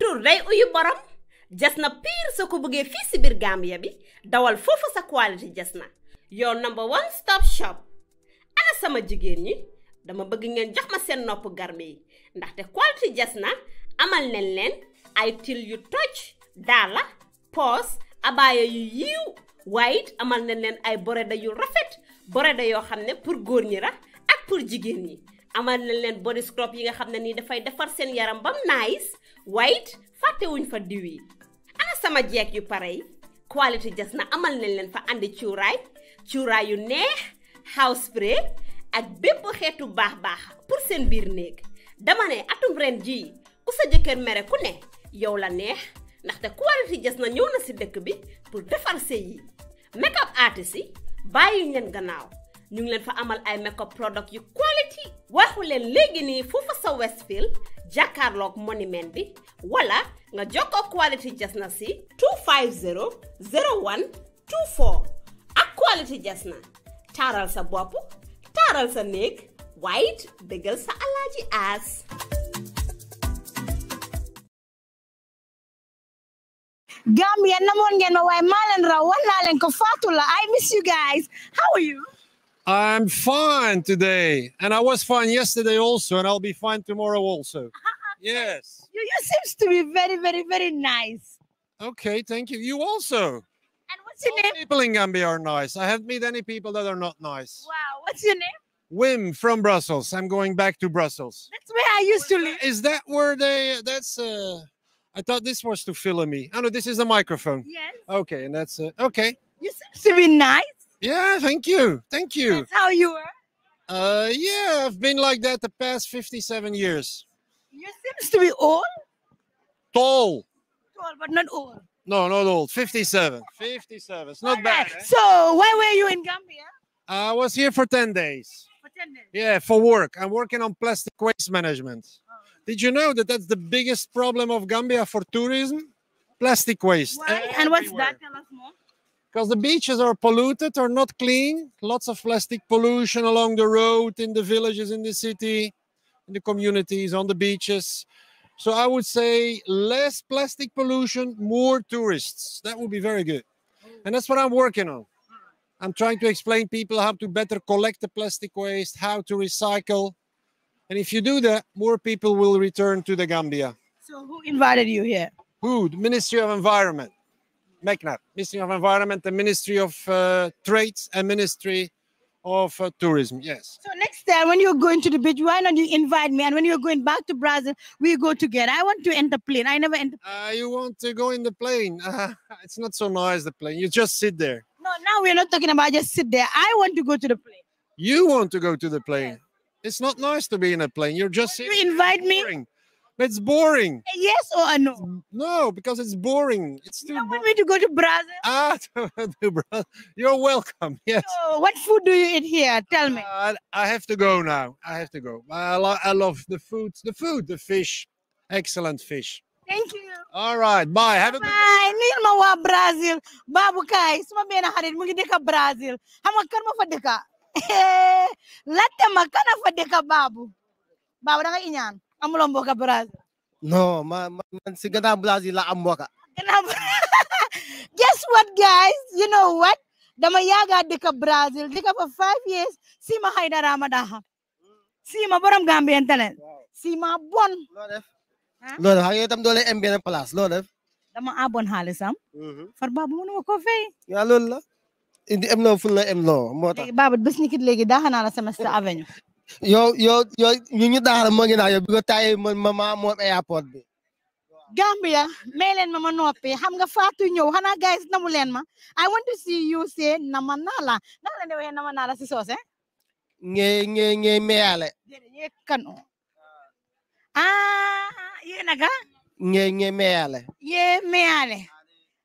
tur day uyu borom jas na pire soo ko bëggee fii si biir Gambia bi dawal foofu sa quality jas na yow number one stop shop ana sama jigéen ñi dama bëgg ngeen jox ma seen nopp garme yi ndaxte quality jas na amal nañ leen ay till yu toj daala poos abaaya yu yiiw waaye amal nañ leen ay boreda yu rafet boreda yoo xam ne pour góor ñi ra ak pour jigéen ñi amal nañ leen body scrub yi nga xam ne nii dafay defar seen yaram bam nice waaye it fàttewuñ fa diw yi ana sama jeeg yu pare yi quality jas na amal nañ leen fa indi cuuraay cuuraay yu neex house spray ak bépp xeetu baax baax pour seen biir néeg dama ne atum ren jii ku sa jëkkër mere ku ne yow la neex ndaxte quality jas na ñëw na si dëkk bi pour defar sëy yi makeup artist yi bàyyi leen gannaaw ñu ngi leen fa amal ay makeup product yu quality waxu leen léegi nii foofa sa Westfield jàkkaarloog monument bi wala nga jokkoo Quality na si ak Quality Jasna taaral sa bopp taaral sa néeg waaye it bégal sa alaaji aas. Gambia namoon ngeen waaye maa leen raw war leen ko Fatou la miss you guys how you. I'm fine today, and I was fine yesterday also, and I'll be fine tomorrow also. yes. You, you seems to be very, very, very nice. Okay, thank you. You also. And what's your All name? People in Gambia are nice. I haven't met any people that are not nice. Wow, what's your name? Wim from Brussels. I'm going back to Brussels. That's where I used where to live. Is that where they? That's. uh I thought this was to fill me. Oh no, this is a microphone. Yes. Okay, and that's uh, okay. You seem to be nice. Yeah, thank you. Thank you. That's how you are. Uh, yeah, I've been like that the past 57 years. You seems to be old. Tall. Tall, but not old. No, not old. 57. 57. It's not right. bad. Eh? So, why were you in Gambia? I was here for 10 days. For 10 days? Yeah, for work. I'm working on plastic waste management. Oh. Did you know that that's the biggest problem of Gambia for tourism? Plastic waste. Why? And what's that? Tell us more because the beaches are polluted or not clean. Lots of plastic pollution along the road, in the villages, in the city, in the communities, on the beaches. So I would say less plastic pollution, more tourists. That would be very good. And that's what I'm working on. I'm trying to explain people how to better collect the plastic waste, how to recycle. And if you do that, more people will return to the Gambia. So who invited you here? Who? The Ministry of Environment. MECNAR, Ministry of Environment, the Ministry of uh, Trades, and Ministry of uh, Tourism. Yes. So next time when you're going to the beach, why not you invite me? And when you're going back to Brazil, we go together. I want to enter plane. I never enter. Uh, you want to go in the plane? it's not so nice the plane. You just sit there. No, now we're not talking about just sit there. I want to go to the plane. You want to go to the plane? Yes. It's not nice to be in a plane. You're just. you invite boring. me. It's boring. Yes or no? No, because it's boring. It's you do want me to go to Brazil? Ah, to, Brazil. You're welcome. Yes. So what food do you eat here? Tell me. Uh, I have to go now. I have to go. I, lo I love the food, the food, the fish. Excellent fish. Thank you. All right. Bye. Have a Bye. Nilma wa Brazil. Babu kai. Suma bena harin mugi deka Brazil. Hama karma fa deka. Latte makana fa deka babu. Babu da nga inyan. amulomboka baraza no ma, ma, man si gannaaw balaas yi laa am guess what guys you know what dama yaaga dëkka brazil dëkka for five years sima haydara ma daha sima borom gambien talent sima bon loo def loo def yow itam doole am benn place loo def dama abon halisam. Mm-hmm. far baabu mënuma ko fay yaa loolu la indi am loo ful la am loo moo tax baabu bés ni kit léegi daaxa naa la semestre avenue yo yo yo ñu ñu daara moo ngi naa yo bi ko tàyyi ma ma moom airport bi Gambia may leen ma ma noppi xam nga Fatou ñëw xanaa guys namu leen ma I want to see you say nama naa la ndax la ne waxee nama naa la si soose nge nge nge meyaale ye kanu ah ye naga nge nge meyaale ye meyaale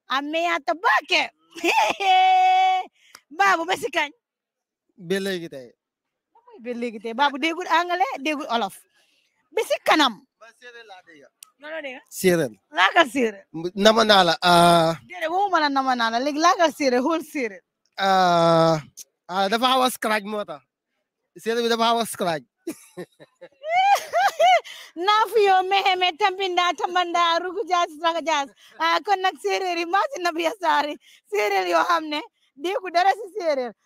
a meyaata baake baabu ba si kañ ba ba léegi tey baabu olof ba kanam. séeréer laagal séeréer. nama naa la. Ah. déedéet woo ma la nama naa la léegi laagal séeréer xool séeréer. ah, ah bi dafa xaw a nafiyo meheme tambinda tambanda rugu jaas saka jaas ah, kon nag séeréer yi maa si nabiya saari yoo xam ne déggu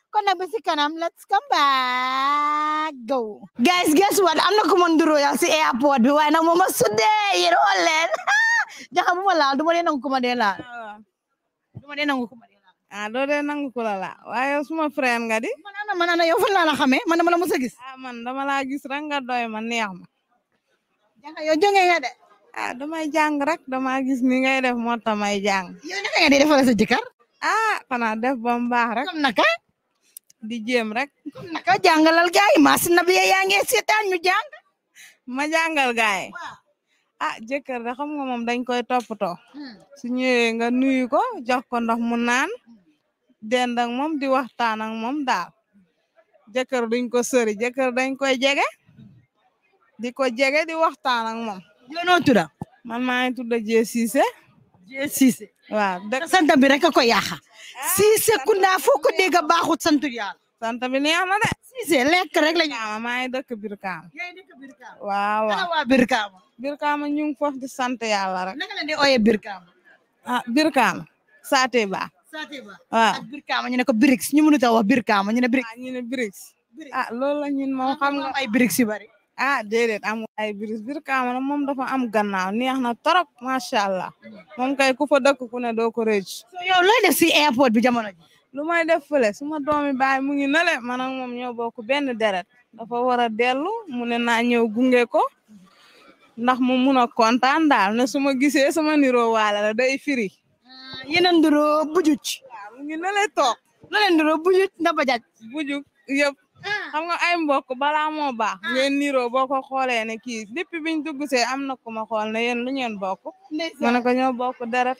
Kona bisikanam, let's come back. Go. Guys, guess what? I'm not yang si Royal si airport. Why na mama sude? You're all in. Jangan mama lah. Dua dia nangku madela. kumadela dia nangku madela. Ah, dua dia nangku kumadela Wah, semua friend gadi. Mana mana, mana na mana fun lala mana Mana ah, mana mana Ah, man, dama lagi serang mana man ni ama. Jangan yo jonge gade. Ah, dama jang rak, dama gis ni gade mota mai jang. Iya, ni gade defal sa jikar. Ah, kana def bombah rak. Kamu naka? di jéem rek naka jàngalal gay mas na bi nge setan jang ma janggal gay ah jëkkër da xam nga mom dañ koy toppatoo su ñëwee nga nuyu ko jox ko ndox mu naan dend ak mom di waxtaan ak mom daal duñ ko seuri jëkkër dañ koy di ko jege di waxtaan ak yo yoonoo tudd man ma ngi tudda Jé Cissé. Eh? Jé Cissé. Wah, santa mereka koyaha. yaha. Ah, si sekunda aku ke dega bahu santu ya. Santa bini ama de. Si selek lagi. Ama mai de ke birka. Ya ini ke birka. Wow. Kalau wa birka. Birka menyung fah di santa ya lara. Nekala de oye birka. Ah birka. Sate ba. Sate ba. Wow. Birka menyene ke briks. Nyumunu tawa birka menyene briks. Menyene briks. Ah lola nyin mau kamu ngapai briks si ah dedet am ay virus bir kaamara mom dafa am gannaaw neexna na ma sha allah mom kay ku fa dekk ku ne do ko reej so yow looy def si airport bi jamono ji. lu may def fele suma domi baay mu ngi nale man ak mom ñoo bokku ben deret dafa wara delu mu ne naa ñew gungé ko ndax mu na a dal ne suma gisé gisee sama niroo la day firi. Ah, yenen duro bujuc bujuj. mu ngi nale tok loolee ndiroo bujuj ndaba jaj bujuj yeb Ah. xam nga ay mbokk balaa moo baax ah. ngeen niroo boo ko xoolee ne kii depuis biñ dugg see am na ku ma xool ne yéen lu ngeen bokk ma ne ko ñoo bokk dara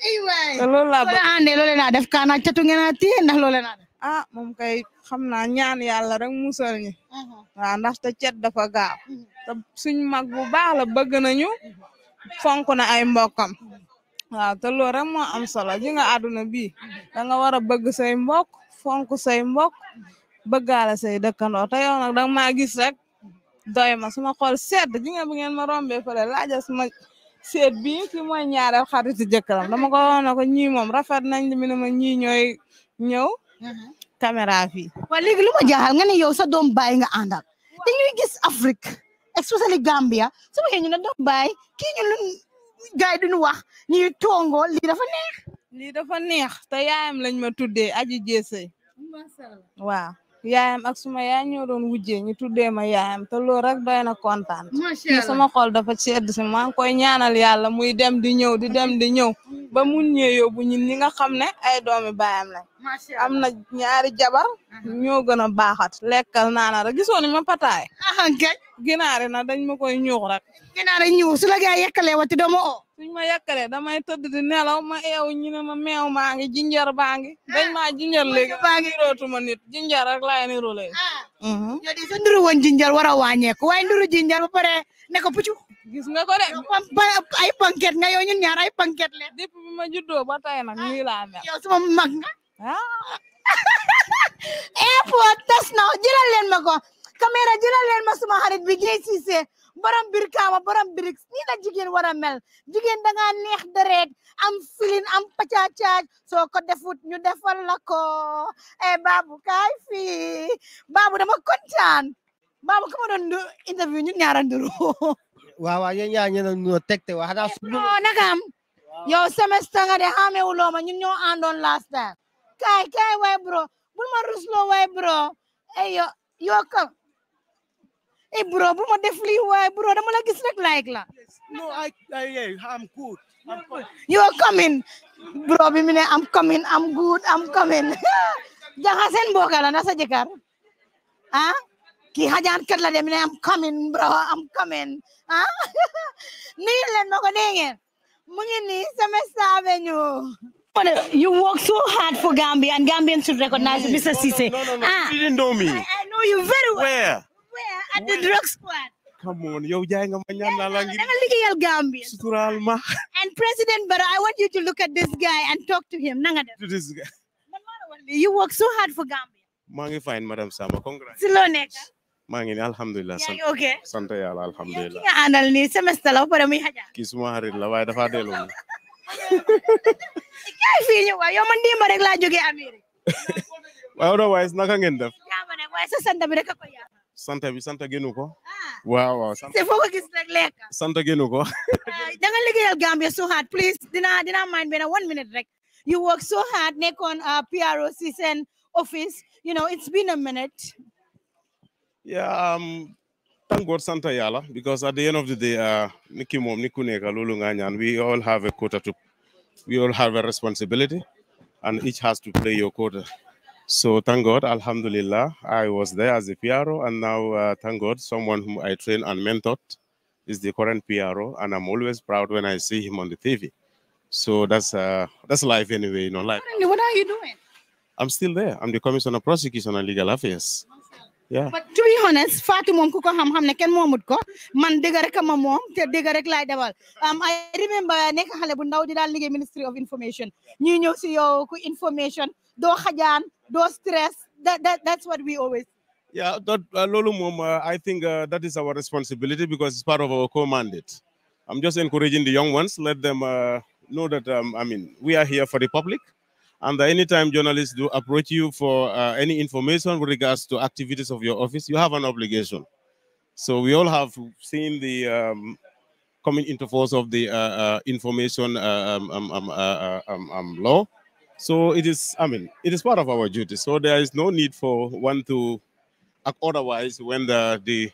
te loolu laa bëgg ande loolu naa def kaana catu ngeen a téye ndax loolu naa def ah moom kay xam naa ñaan yàlla rek musal ñi waaw ndax te cet dafa gaaw mhm. te suñ mag bu baax la bëgg nañu fonk na ay mbokkam waaw te loolu rek moo am solo ji nga àdduna bii da nga war a bëgg say mbokk fonk say mbokk ba bëggaale say dëkkandoo te yow nag danga maa gis rek doy ma suma xool sedd gi nga ngeen ma rombe fële laajal suma seet bi ki mooy ñaareel xaritu jëkkëram dama ko woon ko ñi moom rafet nañ li mu ne ma ñi ñooy ñëw caméra fii waaw léegi lu ma jaaxal yow sa doom baay nga àndal te ñuy gis Afrique especially Gambia su waxee ñu doom baay kii ñu luñ gaay duñu wax ñuy tongoo lii dafa neex lii te yaayam lañ ma tuddee aji jeesey waaw yaayam ak suma yaay ñoo doon wujjee ñu tuddee ma yaayam te loolu rek doy na kontaan ñu sama xol dafa sedd si maa ngi koy ñaanal yàlla muy dem di ñëw di dem di ñëw ba mun ñee yóbbu ñun ñi nga xam ne ay doomi baayam lañ am na ñaari jabar ñoo gën a baaxat lekkal naana rek gisoo ni ma pataay ginaari na dañ ma koy ñuux rek ginaari ñuux su la gaa wati doomu suñ ya e ah. ma yàkkalee damay tëdd di nelaw ma ew ñu ne ma meew ma ngi jinjar baa ngi dañ ma jinjar léegi ba ngi rotuma nit jinjar rek laay niru léegi ñoo di sa nduru won jinjar wara wañé ko way nduru jinjar ba paré ne ko puccu gis nga ko de ay ya, panket nga yo ñun ñaar ay panket le dép bi ma juddo ba tay ya nak ñi ah. la mel yow sama mag nga airport eh, tas na jëlal leen mako caméra jëlal leen ma suma xarit bi ci Gisee borom bir kaama borom birix ni la jigen wara mel jigen da nga neex deret am filin am pacaacaaj so ko defut ñu defal la ko eh babu kay fi babu dama kontan babu ku don do interview ñu ñaara nduru wa waaw yéen ñaar ñeneen ñoo tegte wa da eh, su non nakam yo semestre nga de xaamewuloo ma ñun ñoo andon last time kay kay way bro bu ma rusloo way bro eh yo yo Hey, eh, bro, bro definitely bro I'm like it's not like la. No, I, I yeah, I'm good. I'm good. You are coming. Bro, I'm coming. I'm good. I'm coming. Jangan sen boga la nasa jekar. Ah? Ki hajan kat la de mine I'm coming bro. I'm coming. Ah? Ni len ko dengen. Mungi ni sa semester But You work so hard for Gambia and Gambians should recognize you, Mr. No, Cisse. No, no, no, no. Ah, you didn't know me. I, I know you very well. Where? where? At the drug squad. Come on, yo, jaay nga ma ñaan naa la ngi. da Gambia. and President Bara, I want you to look at this guy and talk to him. to this guy. you work so hard for Gambia. Mangi fine Madam Sama congrats. si loo nekk. maa ok Santa, ya Alhamdulillah. yaa ngi àndal nii semestre la ba pare muy xajaar. kii suma xarit la waaye dafa delloo mu. kay fii ñu waaye yow man démb rek laa jógee Amérique. waaye otherwise naka ngeen def. yaa ma ne waaye Santa, bi Santa gënu ko. Ah. Wow, wow. sant foo ko gis lek. Santa sant gënu ko. da nga liggéeyal Gambia so hard please dinaa dinaa mind benn one minute rek. you work so hard nekkoon uh, PRO si seen office you know it's been a minute. yeah um thank God Santa yala, because at the end of the day uh, ni ki moom ni ku nekk loolu nga ñaan we all have a quota to we all have a responsibility and each has to play your quota. So thank God, Alhamdulillah, I was there as a PRO, and now uh, thank God, someone whom I trained and mentored is the current PRO, and I'm always proud when I see him on the TV. So that's uh, that's life anyway, you know. Life. What are you doing? I'm still there. I'm the Commissioner of Prosecution and Legal Affairs. Yeah. But to be honest, Fatimum kuko ham ham neken momut ko man degarek ma mom Um I remember nek xale bu ndaw di Ministry of Information. New ñew CEO yow information do no stress. That, that that's what we always. Yeah, that, uh, Lolo Mom, uh, I think uh, that is our responsibility because it's part of our core mandate. I'm just encouraging the young ones. Let them uh, know that um, I mean we are here for the public, and that anytime journalists do approach you for uh, any information with regards to activities of your office, you have an obligation. So we all have seen the um, coming into force of the uh, information um, um, um, um, law so it is, I mean, it is part of our duty. So there is no need for one to act otherwise when the, the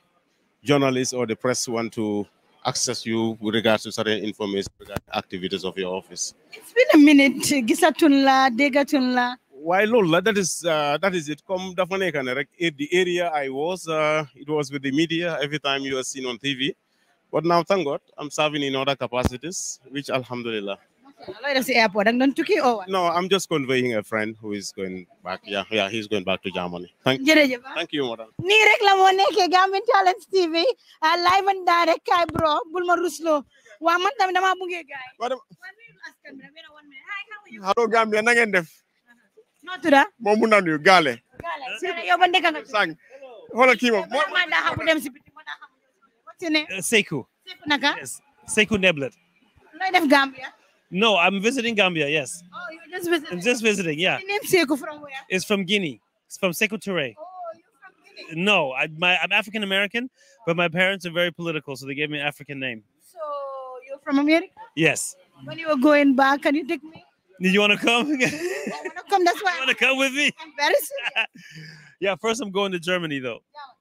journalists or the press want to access you with regards to certain information regarding activities of your office. It's been a minute. Gisatunla, Degatunla. Why Lola, that is uh, that is it. Come Dafanekane. The area I was, uh, it was with the media every time you were seen on TV. But now thank God, I'm serving in other capacities, which alhamdulillah. Oh. No, I'm just conveying a friend who is going back. Yeah, yeah, he's going back to Germany. Thank, thank you, madam. Ni rek la Gambian TV uh, live and direct kay bro bulma ruslo. Wa man tam dama bungé gaay. Madam. Hello Gambia na ngeen def? No tuda. Mo mu galé. Galé. nga Ma da dem ci biti da What's your name? Uh, naka? Yes. Sekou Neblet. Looy def Gambia? No, I'm visiting Gambia. Yes. Oh, you're just visiting. I'm just visiting. Yeah. Your name Sekou from where? It's from Guinea. It's from Sekou Touré. Oh, you're from Guinea. No, I, my, I'm African American, but my parents are very political, so they gave me an African name. So you're from America? Yes. When you were going back, can you take me? Did you want to come? I want to come. That's why. You want to come with me? i yeah, first I'm going to Germany though.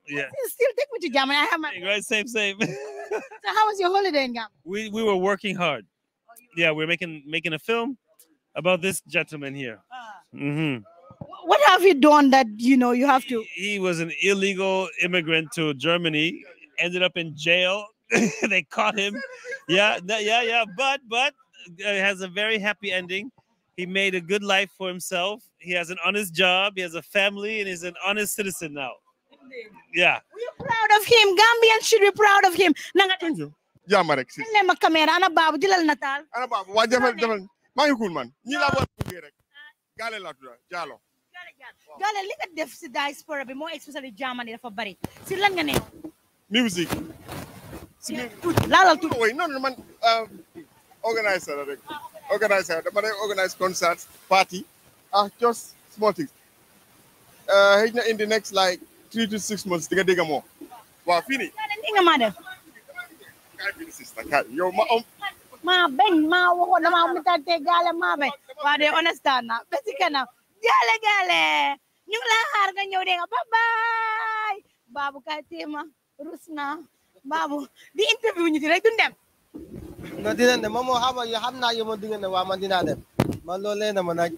Yeah. yeah. Still take me to Germany. I have my. Right, same, same. so how was your holiday in Gambia? We we were working hard yeah, we're making making a film about this gentleman here. Uh, mm-hmm. What have you done that you know you have to? He, he was an illegal immigrant to Germany, ended up in jail. they caught him. Yeah, yeah, yeah. But but uh, has a very happy ending. He made a good life for himself. He has an honest job. He has a family, and he's an honest citizen now. Yeah. We're proud of him. Gambians should be proud of him. Thank you. jaama rek si. ne ma caméra ana baabu jëlal nataal. waa defal defal maa ngi kuul man ñii laa war a rek. gaale laa tudd jaalo. gaale li def si diaspora bi moo especially jaamani dafa bari si lan nga ne. music. si laalal tuuti woy non man uh, organiser rek ah, organiser dama lay organise party ah just small things. Uh, xëy na in the next like three to six months di nga dégg waaw fii yow ma om ma bañ ma gaale ma bañ waa de understand na ba si gaale gaale ñu ngi nga ñëw de nga bye baabu ka téema rus baabu di interview ñu ti rek duñ dem no dinañ dem moom moo xam yo xam naa yo moom di ngeen dem man loolu lee ma nag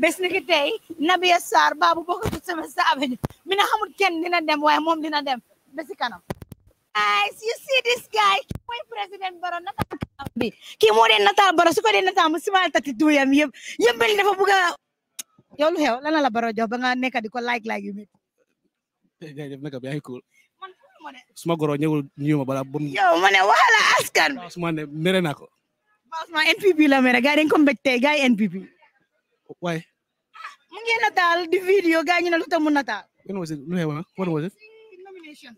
bés ni ki tey Nabiya Sarr baabu bokk sama sa avenue mi na xamul kenn dina dem waaye moom dina dem ba si kanam guys, you see this guy. Kimoy President Baro natatambi. Kimo din natabaro. Suko din natamu. Simal tatiduyam. Yem, ya, yem beli na pabuga. Yolu ya, ya, heo. Lala la baro jaw. Banga neka di ko like like yumi. Guys, if neka bihay cool. Suma goro bala Yo, mane wala askan. Suma ne mere nako. Boss NPP la mere. Guy den kombekte. Guy NPP. Why? Mungi natal di video. Guy nyina lutamu natal. When was it? it? What was it? Nomination.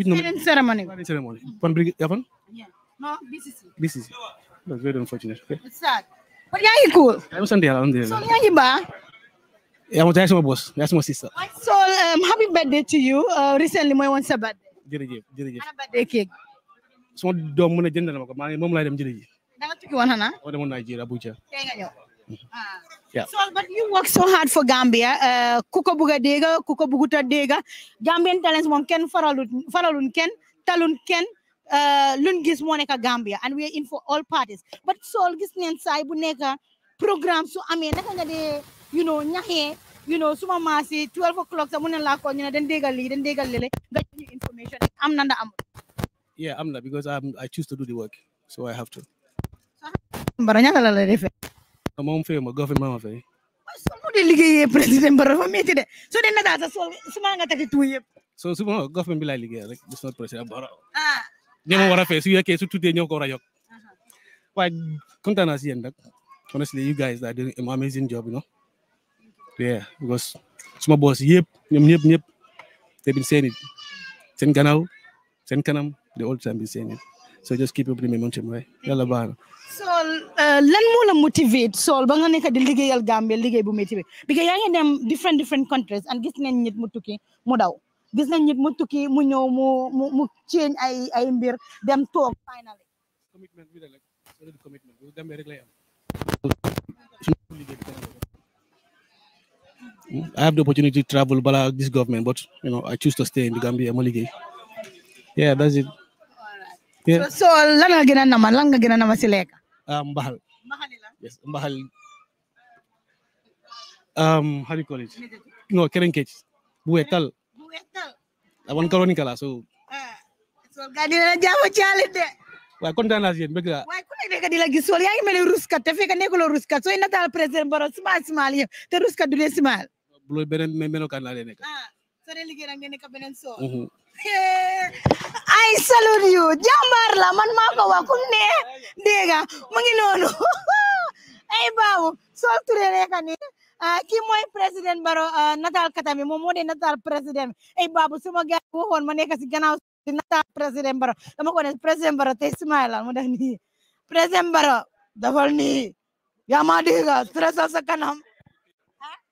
Which Parent ceremony. Parent ceremony. From Brig Evan? Yeah. No, BCC. BCC. That's very unfortunate. Okay. It's sad. But yeah, you cool. I'm Sunday. I'm there. So yeah, you ba? Yeah, I'm my boss. That's my sister. So um, happy birthday to you. Uh, recently, my one birthday. Jërëjëf, jërëjëf. Ana birthday cake. Sama doom mu ne jëndal ma ko, maa ngi moom laa dem jërëjëf. Da nga tukki woon Abuja. Ah. Yeah. So, but you work so hard for Gambia. Kukabugadega, uh, kuko buga dega, kuko buguta dega. Gambian talents mom ken faralun faralun ken talun ken uh, lungis lun gis Gambia, and we are in for all parties. But so gis niyan sa ibu neka program so ame Naka nga you know nyahe you know suma masi 12 o'clock sa mo nang lako niya den dega li den dega lele get new information. Am nanda am. Yeah, am not because I'm I choose to do the work, so I have to. Baranya kala moom fee ma gafe maa fay. soo mu de liggéeyee président Barrow dafa métti de soo de nataata soo suma nga takki tuuti yëpp. soo suma gafe bi laay liggéey rek gis naa président Barrow. ah ñoo ma war a fay su yekkee su tuddee ñoo ko war a yokk. waaye kontaan naa si yéen nag honestly you guys are because suma boss yëpp ñoom ñëpp ñëpp they've been saying it seen gannaaw seen kanam the old time been saying it just keep up the momentum way yàlla Uh, lan moo la motivate sol ba nga nekk di liggéeyal Gambia liggéey bu métti because yaa ngi dem different different countries and gis nañ nit mu tukki mu daw gis nañ nit mu tukki mu ñëw mu mu change ay ay mbir dem finally commitment bi rek commitment bu rek lay am I have the opportunity to travel but this government, but you know, I choose to stay in the Gambia Maligay. Yeah, that's it. Yeah. So, so lan nga gëna naman, lan nga gëna um, Mbahal. Mbahal ya? Yes, Mbahal. Um, how do you call it? No, Kerenkech. Buetal. Buetal. Awan karoni kala so. Eh, kan so gani na chale chalinde. Wai kontan na sien bega. Wai ku ne kadi lagi gisol yayi mele ruska te fe kane kolo ruska so ina tal president baro sma smal ya. te ruska dule smal. Bulo benen melo kan la le nek. Ah, so ne ligera ngene ka benen so. ay salute la man maa ko wax ku ne dégg mu ngi noonu ay baabu soo turee rek ni ah, kii mooy président Barrow ah, nataal katami moom moo de nataal président ay baabu sama gars yi waxoon ma nekk si gannaaw si nataal président Barrow dama ko ne président Barrow tey smile la mu def nii président Barrow dafal nii yaa ma dégg stressal sa kanam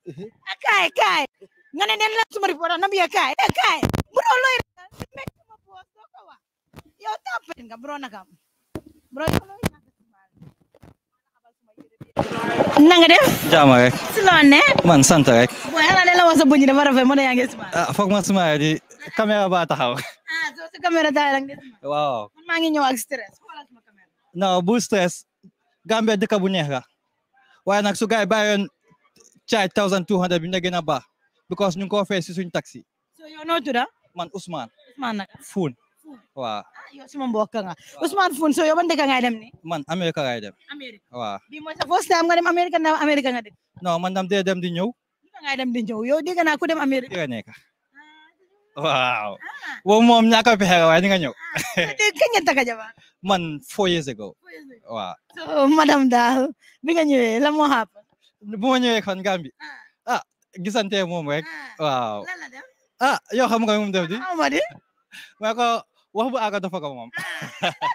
ah kaay nga ne den la suma reporter na biya kaay eh, kaay bro loy mek mo bo so ko wa yo tapen ga bro na gam bro loy nanga def jama rek si man sant rek boy ala dela wasa bunyi dafa rafet mo da yangi sma ah fok ma sma di kamera ba taxaw ah so sa kamera taxaw rek Wow. man ma ngi ñew ak stress xoolal sama kamera No, bu stress gambia dëkk bu neex la waaye nag su gaay bàyyoon caay 1200 bi na gën a because ñu ngi koo fay si suñ taxi so yow noo tudda man Ousmane. Ousmane naka Foun. waaw ah, yow suma mbokk nga Ousmane Foun so yow ban dëkk ngay dem ni man Amérique ngay dem. Amérique waaw. time nga dem Amérique ndax dem. non man dam dee dem di ñëw. nga ngay dem dem Amérique. dégg nekk ah. waaw. boobu ah. moom ñàkk a pexe waaye di nga ñëw. man four years ago. waaw. so daal bi nga ñëwee la moo xaap. bu ma ñëwee gisante moom rek waaw. ah yow xam nga moom def di ma de maa ko wax bu àgga dafa ko moom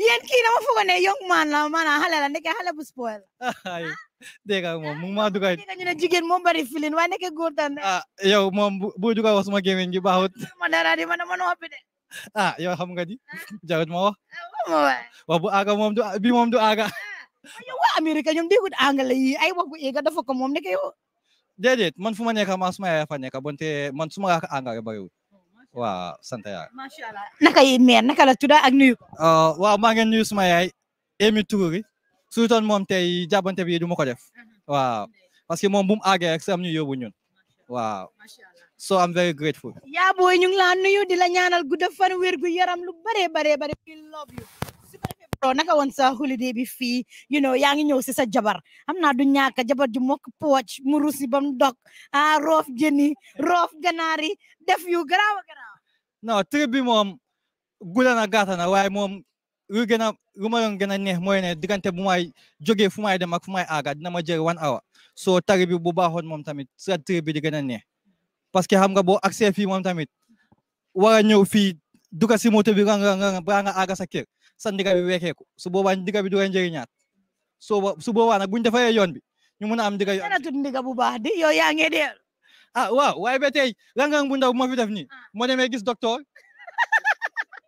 yéen kii dama foog ne young man la maanaam xale la ndeke xale bu spoil dégg nga mu maa dugal ñu ne bari filin waaye nekk góor tan ah yow moom bu dugal wax suma gémmiñ ma dara ma dama noppi de ah yow xam nga di ah. jarut ma wax ah, wax bu àgga moom du bi moom du àgga ah. yow waa Amérique ñoom ay wax bu éega dafa ko moom ndeke Dedit, mano fumaneca mas maefa neca, bonte, mano ka anga bayu. Oh, wa, santa ya. Mashallah. Naka yimmer, naka la tuda ak nuyu. Uh, eh, wa ma ngeen nuyu suma yaay Emi Touré. Su ton mom tay jabante bi duma ko def. Mhm. Waaw. Parce que mom bum agé sam So I'm very grateful. Ya boy ñu ngi la nuyu di la nyana gudda fan wir gu yaram lu bare bare bare. We love you. pro naka woon sa holiday bi fii you yaa ngi ñëw si sa jabar xam naa du ñàkk jabar ju mokk pooc mu rusi bam dog ah roof jëni roof ganaari def yu garaaw a garaaw non trip bi moom gudda na gàtta na waaye moom lu gën a lu ma doon gën a neex mooy ne diggante bu may jógee fu may dem ak fu may aaga dina ma jël one hour soo tari bi bu baaxoon moom tamit sa trip bi di gën a neex parce que xam nga boo accès fii moom tamit war a ñëw fii duga si moto bi rang rang rang baa syndicat bi ko su boobaa ndiga bi do koy njëriñaat soo su boba nak buñ defee yoon bi ñu mëna a am ndiga yoon dana tudd ndiga bu baax di yo ya deel ah waaw waaye ba tey langang bu ndaw bu fi def ni ah. mo demee gis docteur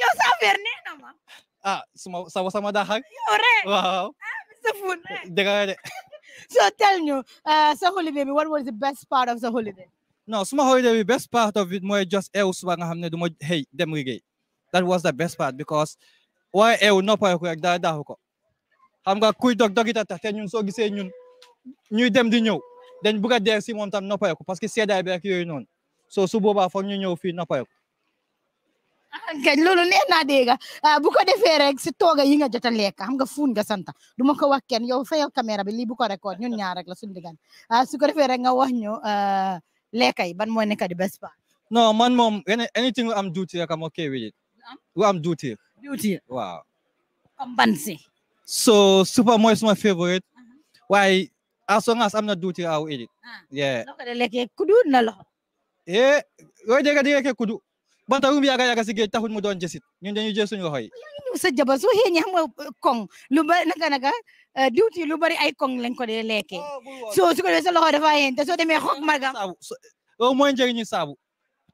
yo sa verné na ma ah suma sama sama daxak yow yo waaw safun dëgg la de so tell uh, sa holiday bi what was the best part of the holiday No, suma holiday bi best part of it moy just eu suba nga xam duma du dem liggéey that was the best part because waaye eew noppal ko rek dara daaxu ko xam nga kuy dog dog it a tax te ñun soo gisee ñun ñuy dem di ñëw dañ bugg a dee si moom tam noppal ko parce que seedaay bi rek yooyu noonu soo su boobaa foog ñu ñëw fii noppal ko. gañ loolu neex naa dégg ah, bu ko defee rek si tooga yi nga jot a lekk xam nga fuun nga sant du ma ko wax kenn yow fayal caméra bi lii bu ko record ñun ñaar rek la suñu diggante ah, su ko defee rek nga wax ñu ah, lekk ban mooy nekk di best part. non man moom anything am duuti rek am ok am bu am diwtiir diwtiir waaw comme ban si mooy suma favorite waaye as long as am na diwtiir aw eat it ah. yeah kudu na loxo eh yooyu dégg di lekkee kudu banta rum yaaga yaaga si géej taxul mu doon jësit ñun dañuy jël suñu loxo yi sa jabar soo xëy xam eh, koŋ lu bari naka naka eh, diwtiir lu bari ay koŋ lañ ko de lekkee oh, so su ko defee sa loxo dafa yéen te soo demee xoog marga saabu loolu mooy njëriñu saabu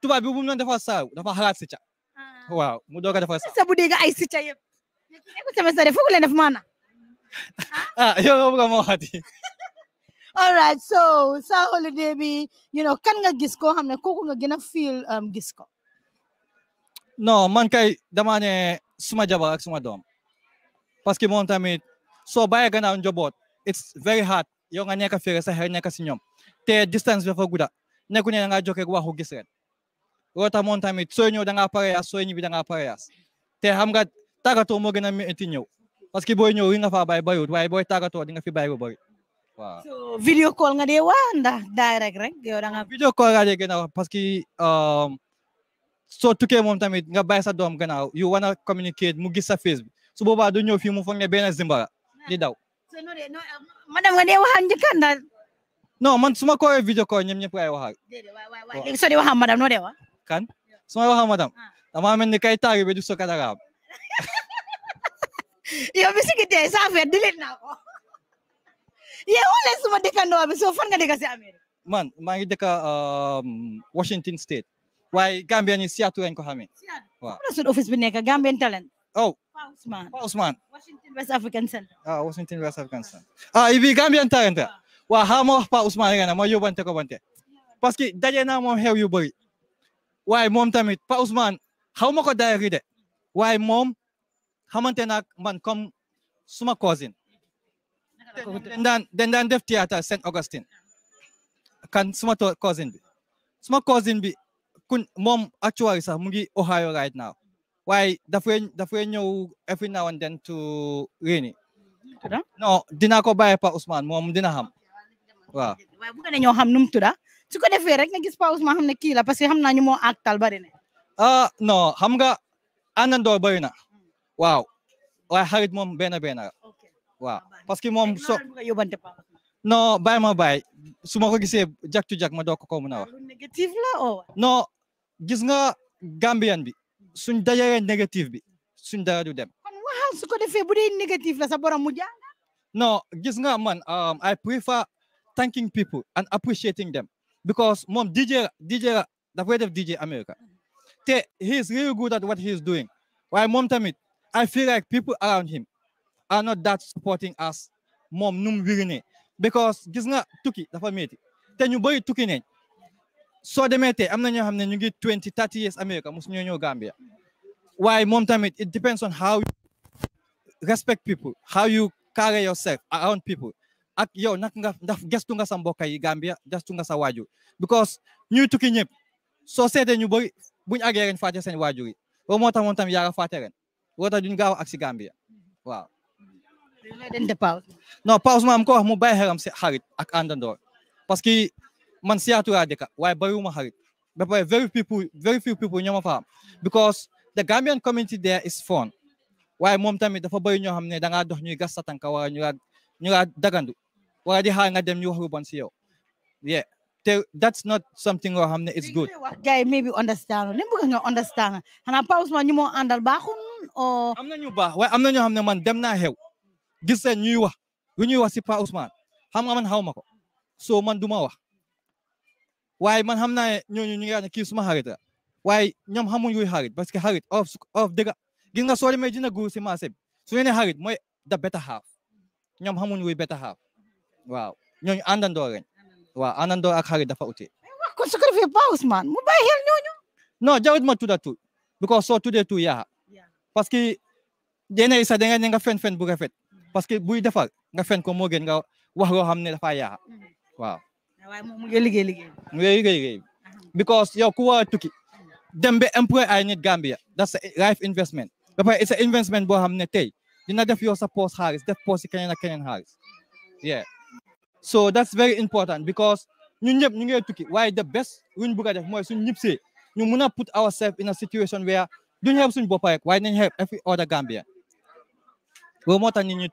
tubaab bi bu mu doon saabu dafa xalaat si ca waaw mu doog a defar sax. sa bu dégg ay si ca yëpp. nekkul sama sa def maanaam. ah yow nga bëgg a moo right so sa holiday bi you know kan nga gis ko xam ne kooku nga gën um, gis ko. non man kay damaa ne suma jabar ak suma doom parce que moom tamit soo bàyyee gannaaw njaboot it's very hard yow nga nekk fii rek sa xel nekk si ñoom te distance bi dafa gudda nekku na nga jokkee waxu gis ren. roota moon tamit sooy ñëw da ngaa pareyaas sooy ñibbi da ngaa pareyaas te xam nga tàggatoo moo gën a métti ñëw parce que booy ñëw li nga faa bàyyi bariwut waaye booy tàggatoo di nga fi bàyyi ba bari waaw. so video call nga dee waa ndax direct rek yow da ah, video call laa dee gën a parce que soo tukkee moom tamit nga um, bàyyi sa doom gannaaw yu wan a communicate mu gis sa face bi su boobaa du ñëw fii mu foog ne benn zimbara di daw. Um, madame nga dee waxal njëkkaan daal. non ñëpp laay wax. kan? Semua faham tak? Tamamen ni kaita ke baju suka Arab. Ya mesti kita safir delete nak. Ya oleh semua dekat no habis ofan kan dekat si Amir. Man, mari dekat um, Washington State. Why Gambia ni siatu yang kau hamil. Siatu. Wah. Masuk office benar ke Gambian talent. Oh. Pak Usman. Pak Usman. Washington West African Center. Ah, Washington West African Center. Ah, ibi Gambian talent. Wah, hamo Pak Usman kan, mau yo bante kau bante. Paski daya nama help you beri. Why mom tamit Usman, how mo ko diary de? Why mom hamantenak man kom suma cousin. Then then then then def theater St Augustine. Kan suma to cousin bi. Suma cousin bi kun mom actually sa mugi Ohio right now. Why dafwe dafwe you every now and then to Rini. No, dina ko bae pa Usman, mom dina ham. Wow. Why bukan nyo ham num tuda? su ko defee rek nga gis Pa ma xam ne kii la parce que xam naa ñu moo àttal bari ne ah non xam nga àndandoo bari na waaw waaye xarit moom benn benn la waaw parce que moom so non bàyyi ma su ma ko gisee jak jak ma doog ko mën wa wax oh. gis nga Gambian bi suñ dajee négatif bi suñ dara du dem kon waxal su ko defee la sa borom mu jàng non gis nga man um, I prefer thanking people and appreciating dem because mom DJ DJ way of DJ America mm. te he's really good at what he's doing Why Mom tamit I feel like people around him are not that supporting us Mom num mu wiri ne because gis nga tukki dafa metti te ñu bëri tukki ne So demee te am na ñoo xam ne 20, 30 twenty thirty years America musu ñoo ñëw Gambia Why Mom tamit it depends on how you respect people how you carry yourself around people ak yow nak nga ndax gestu nga sa mbokay Gambia gestu nga sa waju because ñu tukki ñep so sété ñu bëri buñu agé ren fàtte sen waju yi bo mo tax moom tam yaa nga fàtte ren tax duñ gaaw ak si Gambia waaw. non pause ma am ko wax mu bàyyi xaram xarit ak àndandoor parce que man siyaatura dëkka waaye ma xarit ba pay very people very few people ñoma fa because the Gambian community there is fun way mom tamit dafa bëri ñoo xam da nga dox ñuy gas ñu ñu dagandu وهذه هاي ندم يوه بانسيو yeah that's not something or hamne it's good guy maybe understand ni bëgg nga understand xana pa Ousmane ñu mo andal baxun o amna ñu bax way amna ño xamne man dem na xew gis sen ñuy wax lu ñuy wax ci pa Ousmane xam nga man xawmako so man duma wax waaye man xam naa ñooñu ñu ngi wax ne kii suma so la waaye ñoom xamuñ luy xarit parce que xarit of of dëgg gis nga soo demee dina guur si marché su ñu nee xarit better half ñoom xamuñ luy better half waaw ñooñu àndandoo lañ waaw àndandoo ak xarit dafa ute wax kon su ko defee Pa mm-hmm. mm-hmm. mu bàyyi xel ñooñu non jarut ma tudda tur because soo tuddee tur yaa parce que dene sax da nga ne fen fen bu rafet parce que buy defar nga fen ko moo gën nga wax loo xam ne dafa yaa waaw waaye mu ngi liggéey liggéey mu ngi liggéey liggéey because yow ku war a tukki dem ba employé ay nit Gambia that's a life investment ba pare it's investment boo xam ne tey dina def yow sa poos xaalis def pos si keneen ak keneen xaalis yeah so that's very important because ñun ñëpp the best luñ bëgg a suñ ñibbisee ñu mun put ourselves in a situation where duñ help suñ bopp rek waaye nañ help every other Gambian loolu moo tax nit ñi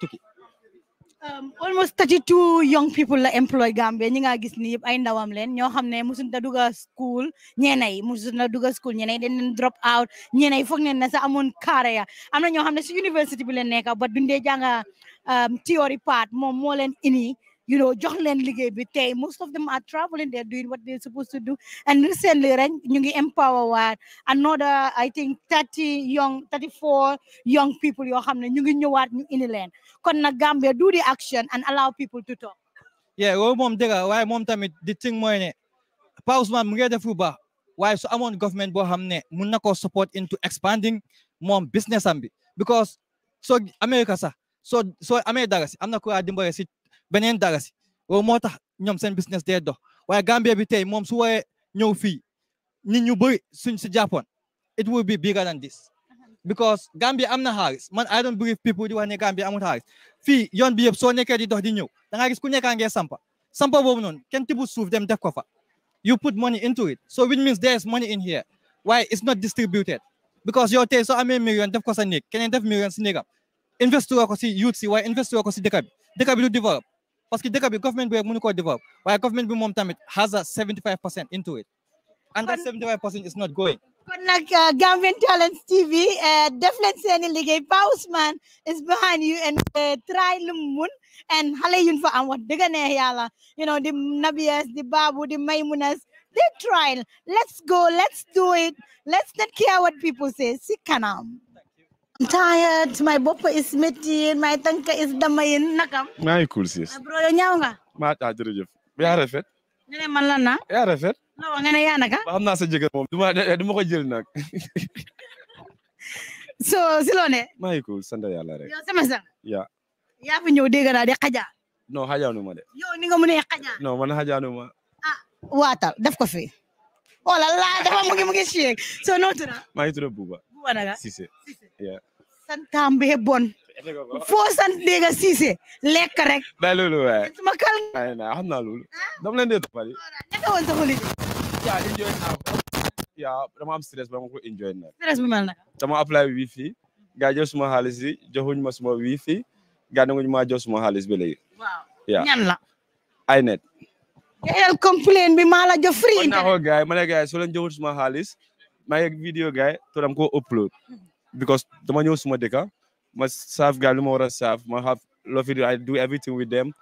Um, almost 32 young people la employ Gambia ñi nga gis ni yëpp ay ndawam leen ñoo xam ne musuñ da dugga school ñeenay musuñ da dugga school ñeenay dañ leen drop out ñeenay foog neen na sax amoon carrière am na ñoo xam ne si university bi leen nekk but dundee jànga um, theory part moom moo leen ini you know just most of them are traveling they're doing what they're supposed to do and recently rek empower another I think thirty young thirty four young people you xam ne ñu ngi ñëwaat Gambia do the action and allow people to talk. yeah loolu moom dëgg Why moom time di ting mooy ne Pa Ousmane mu de def lu baax waaye su government bo hamne ne support into expanding moom business ambi because so America sax so so amee dara si am na ku la beneen dara si loolu moo seen business day dox waaye Gambia bi tey moom su waree ñëw fii nit ñu suñ it will be bigger than this because Gambia am na highest. man I don't believe people di wax ne Gambia amul xaalis fii yoon bi yëpp so nekkee di dox di ñëw da ngaa gis ku nekkaa ngee sampa sampa boobu noonu kenn tibu suuf dem def ko fa you put money into it so which means there is money in here Why it's not distributed because your tey soo amee million def ko sa néeg keneen def million si néegam investiroo ko si youth si why investor ko si dëkk bi They can du develop parce que government bi rek mënu ko develop government bi moom tamit has a 75% into it and that 75% is not going kon nag uh, Gambian Talents TV uh, definitely, leen seeni liggéey Pa Ousman is behind you and uh, try lu mu and xale yuñ fa am wax dëgg neex you know di Nabiyes di Babu di Maymunas they try let's go let's do it let's not care what people say si kanam tired my bopo is meeting, my tanka is damayin nakam maa ngi cool sis bro yo ñaaw nga maa ah jërëjëf yaa rafet nga man la na Ya rafet non ngene ya naka Ba amna sa jege mom. duma duma ko jël nak. so silone. loo ne maa ngi cool sant yàlla ya rek Yo sama sa. Ya. Ya fi ñew dégg naa de xaja xaja nu ma de Yo ni nga mu ne xaja No, man nu ma ah watal. daf ko fi oh la la dafa mu ngi mu ngi so noo tudd maa ngi tudd Buuba Buuba naka Cissé Yeah santam tambe bon fo sant Ndéga Cissé lekk rek ba loolu waay eh. sama kal na xam naa nah, nah, loolu dama leen dee toppali naka woon sa holiday ya enjoy naa ya, dama am stress bama ko enjoy na stress bu mel naka dama apply wifi ga jox suma halisi joxuñ ma suma wifi ga nanguñ ma jox suma halis be lay waaw ya. ñan la ay net yel complain bi mala jox free na ho gay ma gay so len leen joxul suma halis maa video gay to dam ko upload mhm. because the money you dëkka ma saaf gaal lu ma war a have love it I do everything with them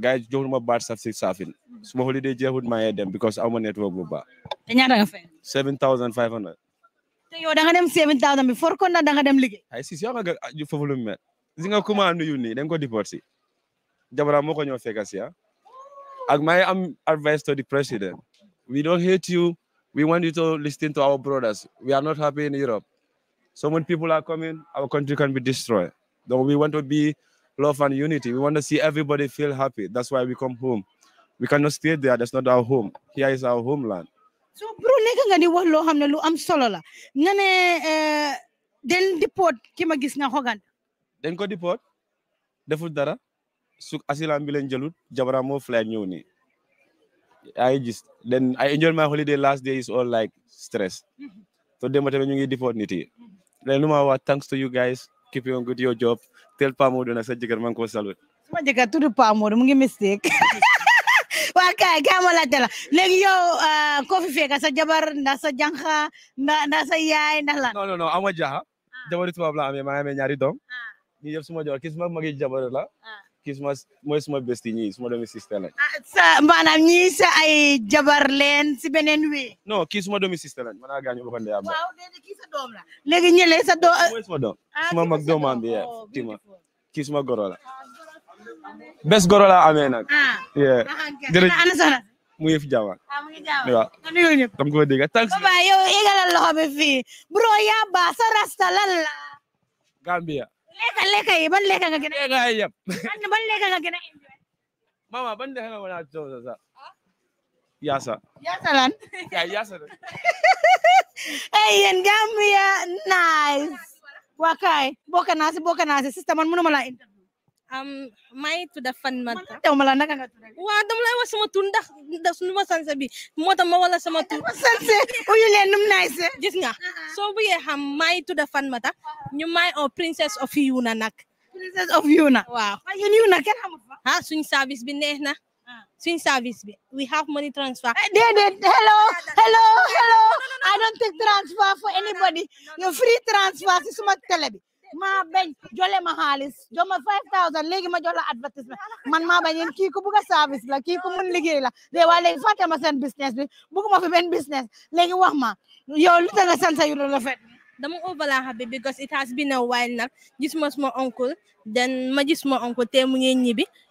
guys don't baat saaf si serving. Small holiday jeexut maa yee them because I'm a network bu baax. te ñaata seven thousand five hundred. te yow da dem seven thousand before for kon na dem liggéey. ay si yow nga ah, foofu lu mel si kuma nuyu nii dañ ko deport si jabara moo ah. am advice to the president we don't hate you we want you to listen to our brothers we are not happy in Europe. So when people are coming, our country can be destroyed. Though we want to be love and unity. We want to see everybody feel happy. That's why we come home. We cannot stay there. That's not our home. Here is our homeland. So bro, neka nga ni walo hamna lu am solo la. Nga ne eh, den deport kima gis na hogan? Den ko deport? Defut dara? Suk asila bi jalut jelut jabara mo fly ñew ni. I just then I enjoyed my holiday last day is all like stress. Mm-hmm. So dem tamit deport niti. Lalu wa uh, thanks to you guys you on good your job tell pamu dona sa jigar man ko salute sama jigar tudu pamu mu mistake waka kama la tela Lagi yo uh, coffee fe ka sa jabar na sa janka na na sa na la no no no ama jaha ah. jabar itu bla ame ma ame ñaari dom ah. ni yeb suma jabar ah. kisma magi jabar la kismas mooy suma besti ni suma doomi sister lañ sa maanaam ni sa ay jabar len si beneen wi non demi suma sister lañ man a gaañu ba ko ndeyam waaw déedéet doom la sa euh, doom ah, mooy sama doom oh, suma mag doomam goro la bés ah, goro la amee nag ah, yeah jërëjëf mu yëf jàmm ah mu ko dégg thanks baba yow yégalal loxo bi fii bro yaa ba rasta lan la Gambia lekka lekka yi ban lekka nga gën a ban lekka nga gën a mama Yaasa. Yaasa lan. yaay Yaasa de. hey yéen Gambia nice. waa kaay bokk naa si bokk naa si sista man mënuma laa interview. am may tudda fan ma. teew ma la naka nga tudda. sama tur ndax ndax nu ma sanse bi moo tax ma wala sama tur. ma sanse uyu leen num nice. gis nga soo bëggee xam may tudda fan mata ta ñu may o oh, princess of Yuna nag. princess of Yuna. waaw yéen Yuna kenn xamul fa. ah suñu service bi neex na. Swing service, we have money transfer. I did it. Hello, hello, hello. I don't take transfer for anybody. No, free transfer si suma télé bi. maa bank. jole ma xaalis jox ma 5000 léegi ma jox advertisement man ma bañ yéen kii ku service la kii ku mun liggéey la de waaye léegi fàtte ma seen business bi bugguma fi bank business legi wax ma yow lu tax you sant yu la fet dama overla habi because it has been a while now. gis ma my uncle, then ma gis ma uncle te mu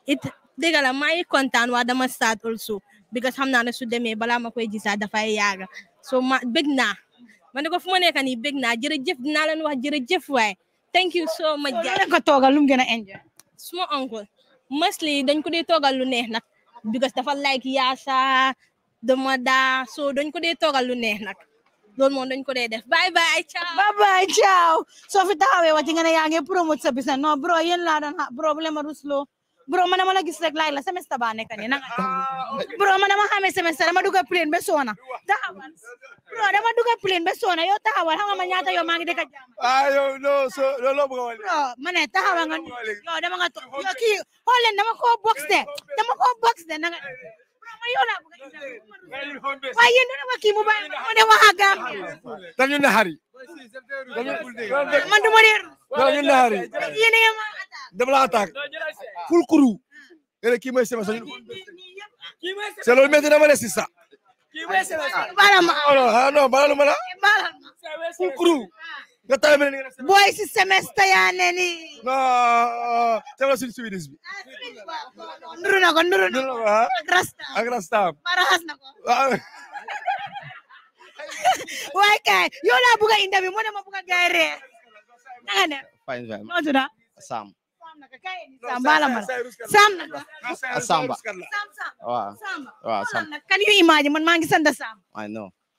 it diga la my content wa dama start also because xamna na su demé bala ma koy da dafa yaga so ma big man ko fuma nek ni big jere jerejef dina len wax jef way thank you so much so, ko togal lum gëna enjoy suma uncle mostly dañ ko dé togal lu neex nak because dafa like yasa moda so dañ ko dé togal lu neex nak don mo dañ ko dee def bye bye ciao bye bye ciao So fi taxawee wati nga ne yaa promote sa business no bro yeen la dan problème bro man dama la gis rek la semester baa nekk nii na nga ah, bro man dama xamee semester dama dugg plane ba soona taxawal bro dama dugg plane ba soona yow taxawal xam nga ma ñaata yow maa ngi dëkk jàmm ah yow non so wal bro ma ne taxawal nga yow dama nga toog yow kii dama ko box de dama ko box de na waaye yéen dana wax kii mu bàyyi ma ne wax ak Gambia dañu naxari man du naxari yéen a ma attaque dama la attaque ful kuru nga ne kii mooy na ma ne si sa baala ma non nga taal si semestre yaa ni non nduru na ko nduru na ko ah. ak rasta ak na ko ah. waaye kay yow laa bëgg moo ne ma bëgg a gaay ne fine fine noo tudd Sam Sam naka Sam Samba waaw waaw Sam kan yu imagine man maa ngi sant Sam I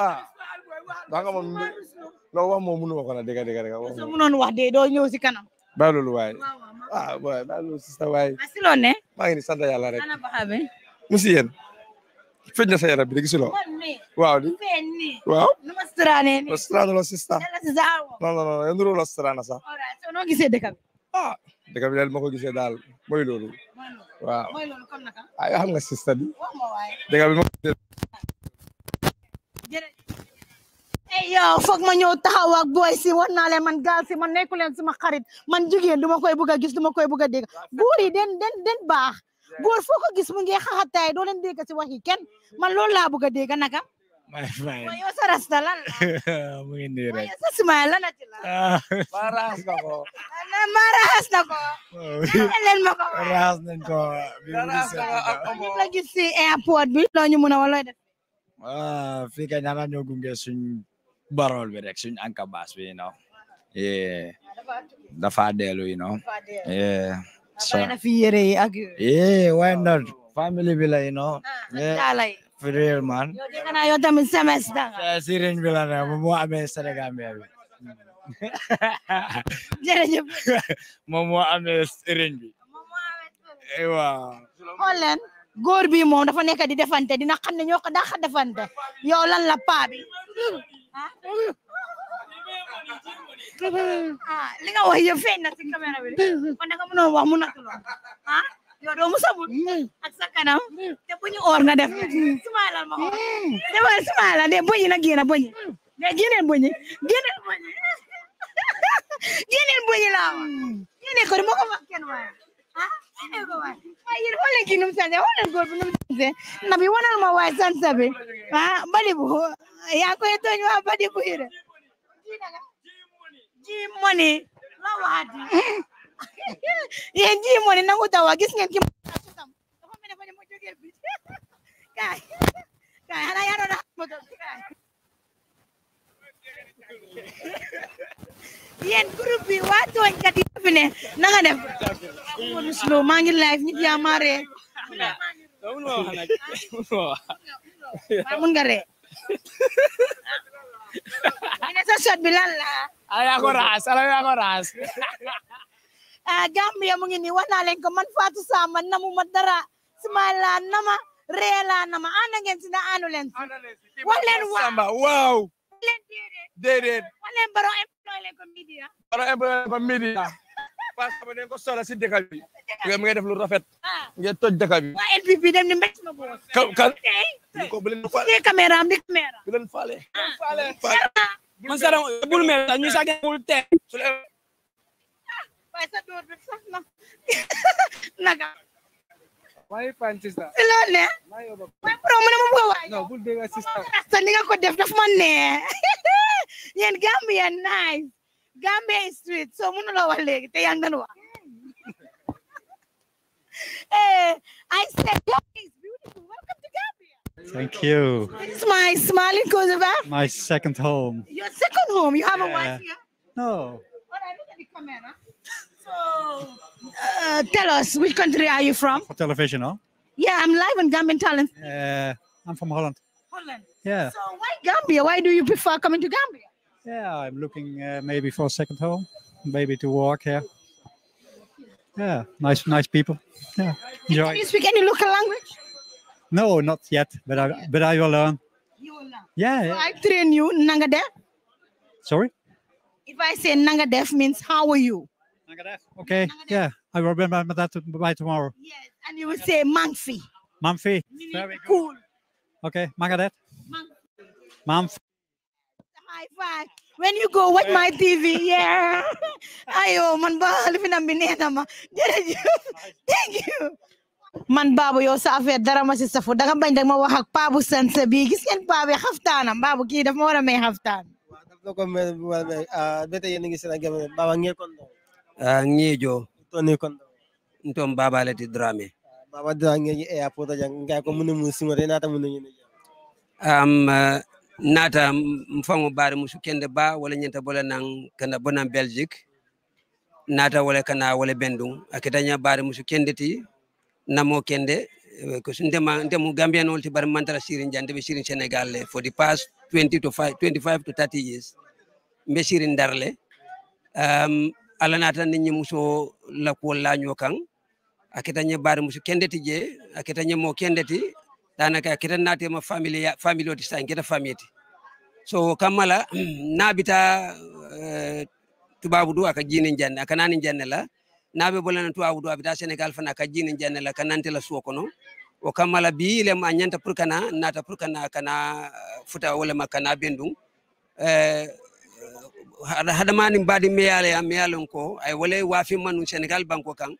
ah ba nga moom loo wax moom mënu ma ko na dégg dégg dégg wax wax de doo ñëw si kanam bàyyi loolu waay ah waay bàyyi loolu si sa waay ah, si maa ngi ni sant yàlla rek musi yéen feeñ na sa bi de gisuloo waaw di waaw lo straano lo sista non non non nuru lo straana sax noo gisee dëkk bi ah dëkk daal ma ko gisee daal loolu waaw ay nga sista bi dëkk bi Hey fuck man ma tawag boy si wax naa si man gaal si man nekku leen suma xarit man jigéen du ma koy bëgg a gis du koy bëgg a dégg den den den bah gur foo ko gis mu ngi xaxataay doo leen dégg si wax yi kenn man loolu laa bëgg a dégg naka. maa ngi fay waaye yow sa rasta lan la. mu ngi nii rek sa maras na la maras la. na ko. maa maras na ko. Oh. leen ma ko. maras na ko. maras na ko ak si airport bi. lo ñu mun a walooy def. Ah, fikir nana nyogung sun barol berek sun angka bas you know. Yeah. The father, you know. Yeah. So, ah, yeah, why not? Family villa, you know. Ah, yeah. For real man. Yo di kana yo tamin semester. Saya sirin bila na mo ame sa gambe. Jerejep. Mo mo ame sirin Ewa. Holland. góor bi moom dafa nekk di defante dina xam ne ñoo ko dàq defante yow lan la paa bi ah li nga wax na ci caméra bi wax mu natul ah yow doo ak sa te bu ñu oor nga def sumaala ma oor defal sumaala de boñi na génn boñi de génneel boñi génneel boñi génneel boñi ko di ma ko wax kenn waaye ah? holekino musanze holengobe nomusanze nabiwona nomawasansabe balibuho yako etonywa badikuire jimoni lawadi ye jimoni nangutawagisiŋenki kai kai hana yarona moto kai yéen groupe bi waa tooñkat yi fi ne na nga def Modou Slow maa ngi live nit yaa ma ree mun nga ree ina sa shot bi lan la ala ah, ko ras ala yaa ko raas ah Gambia mu ngi nii wax naa ko man Fatou Sama namuma dara suma laa nama rela nama ànd ngeen si na àndu leen si wax leen waaw déedéet walen baro employé leen ko media baro employé leen ko media parce que dañ ko soxla si dëkk bi ngeen ngay def lu rafet ah. ngeen toj dëkk bi waa NPP dem ni mbéj ma sa dama bul naga waaye pan sista. ne. waaye borom bul dégg sista. rasta ni nga def daf ma nee. Gambia nice. Gambia Street. so mënuloo wax léegi te yaa ngi doon I said beautiful. Welcome to Gambia. Thank you. This is my smiling Kosovo. My second home. Your second home. You have yeah. a wife here? No. All right, look at the camera. So, uh, tell us, which country are you from? For television, huh? Yeah, I'm live on Gambian Talent. Yeah, I'm from Holland. Holland. Yeah. So why Gambia? Why do you prefer coming to Gambia? Yeah, I'm looking uh, maybe for a second home, maybe to work here. Yeah, nice, nice people. Yeah, enjoy. Can you speak any local language? No, not yet, but I yeah. but I will learn. You will learn. Yeah. So I train you Nanga Nangadef. Sorry. If I say Nanga Def means how are you? Okay, yeah, I will remember that by tomorrow. Yes, and you will say Manfi. Manfi. Very cool. Okay, Magadet. Manfi. High five. When you go, watch my TV? Yeah. Ayo, man ba, halipin ang binena ma. Thank you. Man babu yo sa afet darama si safo daga bain dag mawahak pabu san sabi gis kan pabe haftan am babu ki da mora may haftan. Daplo ko me ah, bete yeningi sila gamen babangir kondo. Eh, ngejo to ni kon ntom baba lati drame ah, baba da ngeji airport jang ngay ko mun mm. mun simo renata mun ni am eh, nata mfango bare musu kende ba wala nyenta bola nang kana bonan belgique nata wala kana wala bendung akitanya bare musu kende ti namo kende eh, ko ndema ndemu gambian wol ti bare mantara sirin jande be sirin senegal le for the past 20 to 5 25 to 30 years mbe sirin darle um ala naata nit ñi musoo lakkuwol laañoo kan akita ñe baari musu kendeti je akita ñe moo kendeti danaka akita naatema famille famille oti sa ngeta famille ti so kammala naabita uh, eh, du aka jiinin janne aka naanin janne la nabe bolana tubaabu du abita senegal fana aka jiinin janne la ka la suwo kono o kamala bi ilem a ñanta pour kana naata pour kana kana futa wolema kana bendung uh, eh, hadamani mbadi meyale ya meyale nko ay wala wafi manu senegal banko kan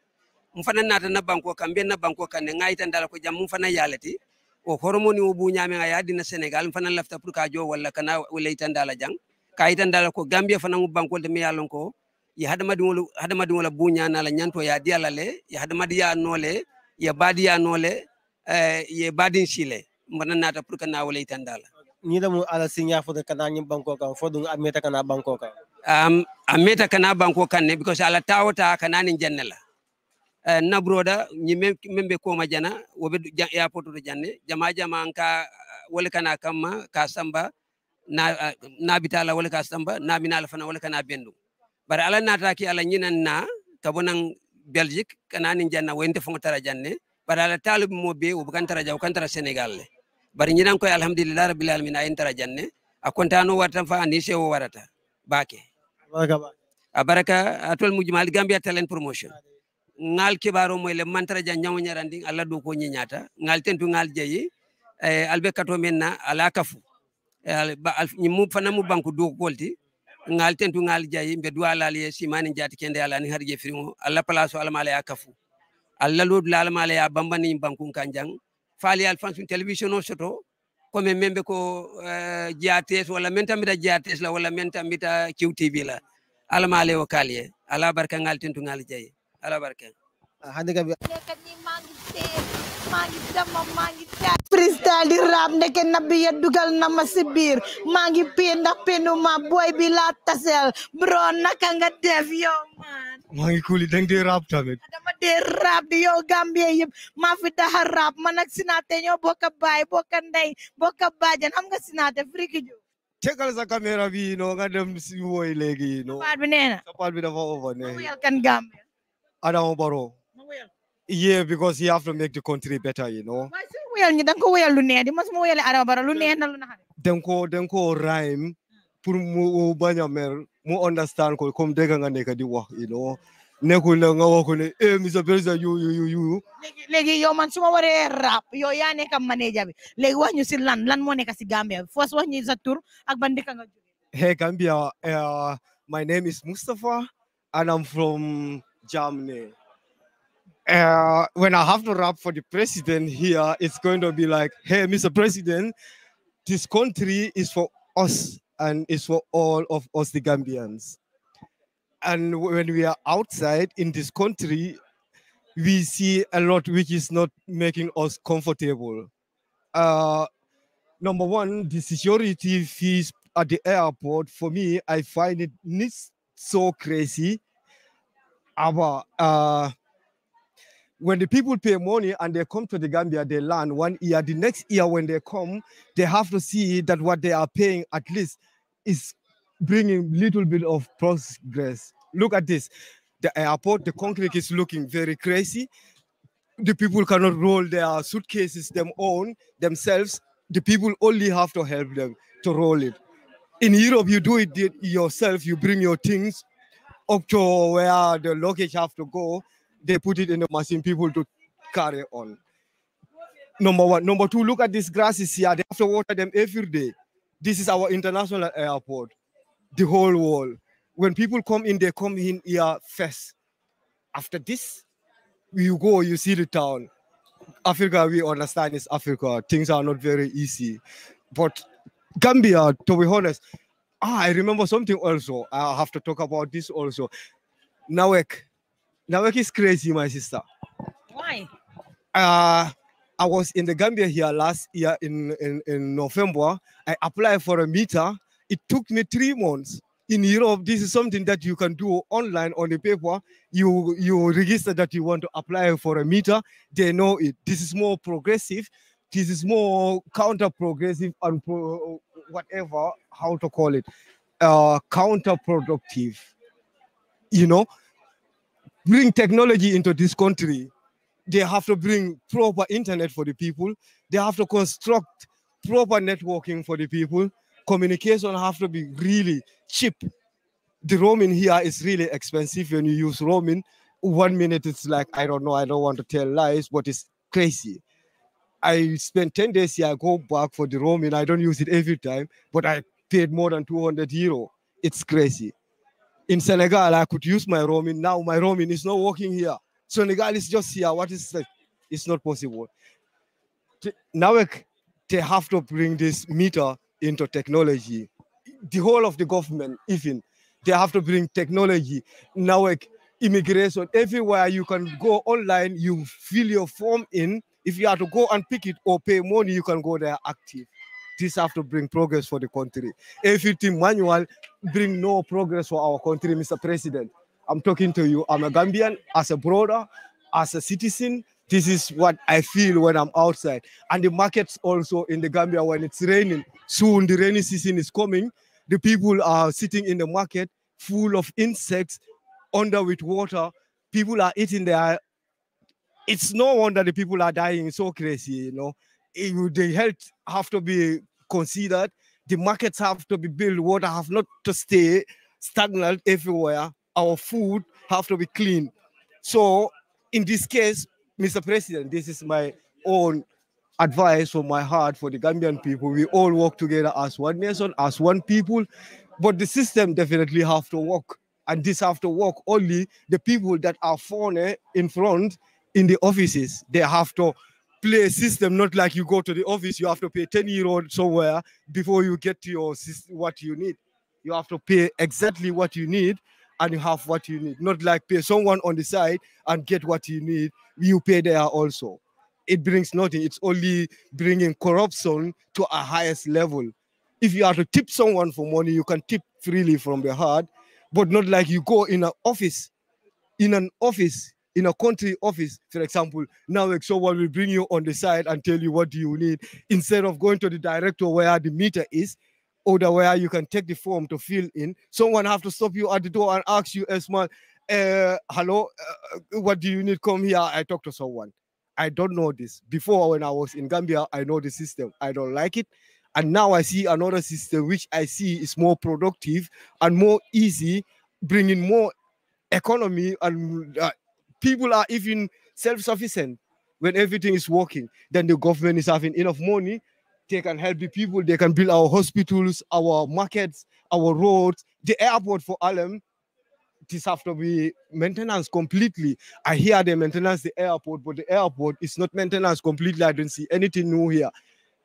mfana nata na banko kan be na banko kan ne ngaita ndala ko jam mfana yalati o hormoni o bu nyame ay adina senegal mfana lafta pour ka jo wala kana wala itan dala jang ka itan dala ko gambia fana ngu banko de meyale nko ya hadamadi wala hadamadi wala bu nyana la nyanto ya diala le ya hadamadi ya nole ya badi ya nole eh ye badin sile mfana nata pour kana wala itan dala ni da mu ala sinya fo da kana nyim banko kan fo dun ameta kana banko kan am ameta kana banko kan ne because ala tawta kana nin la eh, na nabroda ni membe ko ma jana be ya poto do janne jama jama anka wala kana kama ka samba na eh, na bitala wala ka samba na minala fana wala kana bendu bara ala nata ki ala nan na kabonan belgique kana ni janna wente fo tara janne bara ala talib mo be wo kan tara jaw kan tara senegal le bari ñinan koy alhamdulillah rabbil alamin ay tara janne a kontano warata fa ni o warata bake a baraka atol mujmal gambia talent promotion ngal kibaro moy le mantara jan nyaw nyarandi alla do ko nyinyata ngal tentu ngal jeyi e albe kato menna ala kafu e, al, ni mu fana mu banku do golti ngal tentu ngal jeyi be do ala le simani jati kende ala ni harje firimo alla place ala mala ya kafu alla lod la ala mala ya bamba ni banku kanjang faali alfansu television o soto comme membe ko jiates eh, wala menta mita jates la wala menta mita qtv la ala male o kalye ala barka ngal tintu ngal jey ala barka hande gabi kadi mangi di rap ndeke nabi ya dugal na ma si mangi pe penuma boy bilat tasel bro nak nga def man maa ngi kuuli dang dee rap tamit. dama dee rap di yow Gambien yëpp maa fi daxa rap man ak Sinate ñoo bokk a baay bokk a ndey bokk a baajan xam nga Sinate friki ju. tegal sa caméra bi no nga dem si woy léegi no. sapaat bi nee na sapaat bi dafa over nee. ma wéyal kan Gambien. Adama Barrow. ma wéyal. yeah because he have to make the country better you know. waaye su ma wéyal ñu da nga ko wéyal lu neex di ma su ma wéyalee Adama Barrow lu neex na lu naxare. den ko den ko rhyme pour mu oh, bañ a mer mu understand ko comme dégg nga nekk di wax you know nekkul ne nga wax ko ne eh monsieur président yu yu yu. léegi léegi yow man su ma waree rap yow yaa nekk manager bi léegi wax ñu si lan lan moo nekk si Gambia first wax ñu sa tur ak ban dëkk nga jóge. Hey Gambia, uh, my name is Mustafa and I'm from Germany. Uh, when I have to rap for the president here, it's going to be like, hey, Mr. President, this country is for us and it's for all of us, the Gambians. And when we are outside in this country, we see a lot which is not making us comfortable. Uh, number one, the security fees at the airport, for me, I find it not so crazy. About, uh, when the people pay money and they come to the Gambia, they learn one year. The next year, when they come, they have to see that what they are paying at least is bringing little bit of progress. Look at this. The airport, the concrete is looking very crazy. The people cannot roll their suitcases them own themselves. The people only have to help them to roll it. In Europe, you do it yourself. You bring your things up to where the luggage have to go. They put it in the machine. People to carry on. Number one. Number two, look at this grasses here. They have to water them every day this is our international airport, the whole world. When people come in, they come in here first. After this, you go, you see the town. Africa, we understand is Africa. Things are not very easy. But Gambia, to be honest, ah, I remember something also. I have to talk about this also. Nawek. Nawek is crazy, my sister. Why? Uh, I was in the Gambia here last year in, in, in November. I applied for a meter. It took me three months. In Europe, this is something that you can do online on the paper. You you register that you want to apply for a meter. They know it. This is more progressive. This is more counter progressive and pro whatever how to call it uh, counterproductive. You know, bring technology into this country they have to bring proper internet for the people. They have to construct proper networking for the people. Communication have to be really cheap. The roaming here is really expensive when you use roaming. One minute it's like, I don't know, I don't want to tell lies, but it's crazy. I spent 10 days here, I go back for the roaming. I don't use it every time, but I paid more than 200 euro. It's crazy. In Senegal, I could use my roaming. Now my roaming is not working here guy is just here. What is that? It's not possible. Now they have to bring this meter into technology. The whole of the government, even, they have to bring technology. Now, immigration, everywhere you can go online, you fill your form in. If you have to go and pick it or pay money, you can go there active. This have to bring progress for the country. Everything manual bring no progress for our country, Mr. President. I'm talking to you. I'm a Gambian as a brother, as a citizen. This is what I feel when I'm outside. And the markets also in the Gambia when it's raining. Soon the rainy season is coming. The people are sitting in the market full of insects, under with water. People are eating their. It's no wonder the people are dying. It's so crazy, you know. It, the health have to be considered. The markets have to be built. Water have not to stay stagnant everywhere our food have to be clean. So in this case, Mr. President, this is my own advice from my heart for the Gambian people. We all work together as one nation, as one people, but the system definitely have to work. And this have to work only the people that are foreign in front in the offices. They have to play a system, not like you go to the office, you have to pay 10 euro somewhere before you get to your what you need. You have to pay exactly what you need and you have what you need. Not like pay someone on the side and get what you need. You pay there also. It brings nothing. It's only bringing corruption to a highest level. If you are to tip someone for money, you can tip freely from the heart, but not like you go in an office, in an office, in a country office, for example. Now, someone will bring you on the side and tell you what do you need instead of going to the director where the meter is order where you can take the form to fill in. Someone have to stop you at the door and ask you, well, uh, eh, hello, uh, what do you need? Come here. I talk to someone. I don't know this. Before, when I was in Gambia, I know the system. I don't like it. And now I see another system which I see is more productive and more easy, bringing more economy. And uh, people are even self sufficient when everything is working. Then the government is having enough money they can help the people. They can build our hospitals, our markets, our roads. The airport for Alem, this have to be maintenance completely. I hear they maintenance the airport, but the airport is not maintenance completely. I don't see anything new here.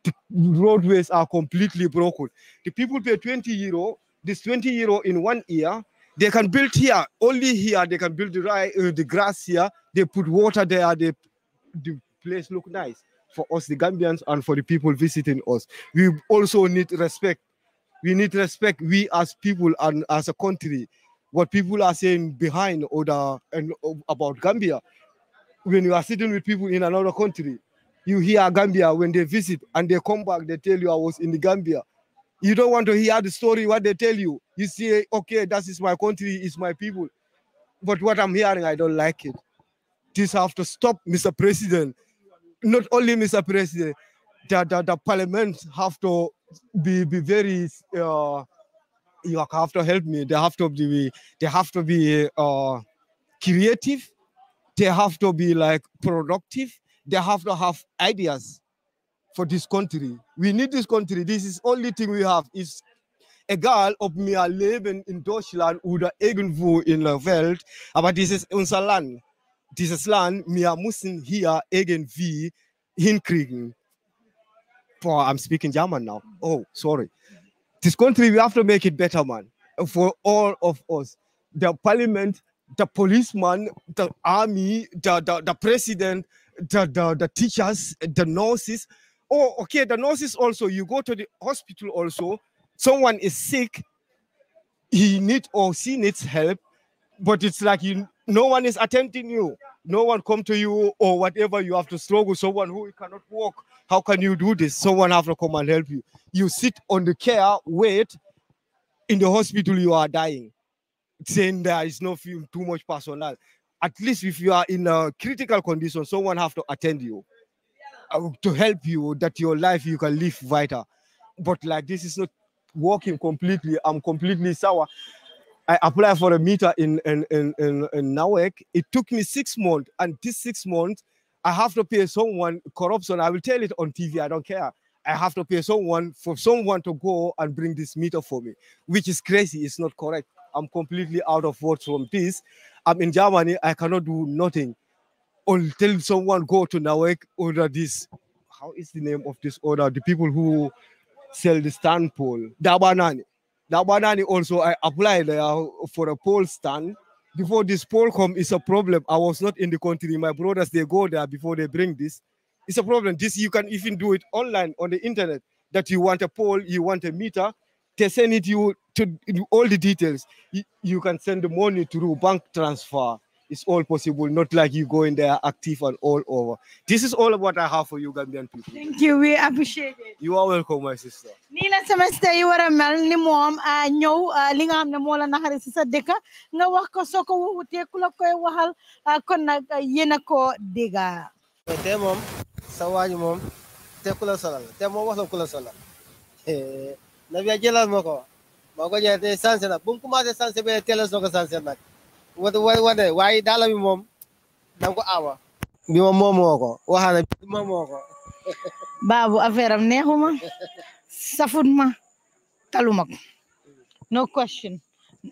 The roadways are completely broken. The people pay 20 euro. This 20 euro in one year, they can build here only here they can build the, uh, the grass here they put water there they, the place look nice for us, the Gambians, and for the people visiting us. We also need respect. We need respect, we as people and as a country, what people are saying behind or the, and uh, about Gambia. When you are sitting with people in another country, you hear Gambia when they visit and they come back, they tell you I was in the Gambia. You don't want to hear the story, what they tell you. You say, okay, that is my country, it's my people. But what I'm hearing, I don't like it. This have to stop, Mr. President not only Mr. President, the, the, the parliament have to be, be very, uh, you have to help me. They have to be, they have to be uh, creative. They have to be like productive. They have to have ideas for this country. We need this country. This is only thing we have. Is egal ob me leben in Deutschland oder irgendwo in der Welt, aber is unser Land dieses Land, wir müssen hier irgendwie hinkriegen. Boah, I'm speaking German now. Oh, sorry. This country, we have to make it better, man, for all of us. The parliament, the policeman, the army, the, the, the president, the, the, the teachers, the nurses. Oh, okay, the nurses also, you go to the hospital also, someone is sick, he needs or she needs help, but it's like you no one is attempting you. No one come to you or whatever you have to struggle. Someone who cannot walk, how can you do this? Someone have to come and help you. You sit on the care, wait. In the hospital, you are dying. Saying there is no too much personal. At least if you are in a critical condition, someone have to attend you uh, to help you that your life you can live vital. But like this is not working completely. I'm completely sour. I applied for a meter in in in in, in Nawek. It took me six months, and this six months, I have to pay someone corruption. I will tell it on TV. I don't care. I have to pay someone for someone to go and bring this meter for me, which is crazy. It's not correct. I'm completely out of words from this. I'm in Germany. I cannot do nothing until someone go to Nawek order this. How is the name of this order? The people who sell the stand pole, Dabanani that banana also I applied uh, for a pole stand. Before this pole come, it's a problem. I was not in the country. My brothers they go there before they bring this. It's a problem. This you can even do it online on the internet. That you want a pole, you want a meter, they send it you to all the details. You, you can send the money through bank transfer. It's all possible, not like you going there active and all over. This is all what I have for you, Gambian people. Thank you, we appreciate it. You are welcome, my sister. nii la semester yi war a mel ni moom uh, ñëw uh, li nga xam ne moo la naxari si sa dëkk nga wax ko soo ko wuutee ku la koy waxal uh, kon nag yéen a ko dégg. te moom sa waaji moom te ku la solal te moom wax la ku la solal eh, na ko maa ko sanse nag bu mu sanse ba teel a soog sanse nag wata wata waaye dala bi mom? danga ko awa bi mom moomoo ko waxaana bi moomoo ko baabu affaire am neexuma safut ma taluma no question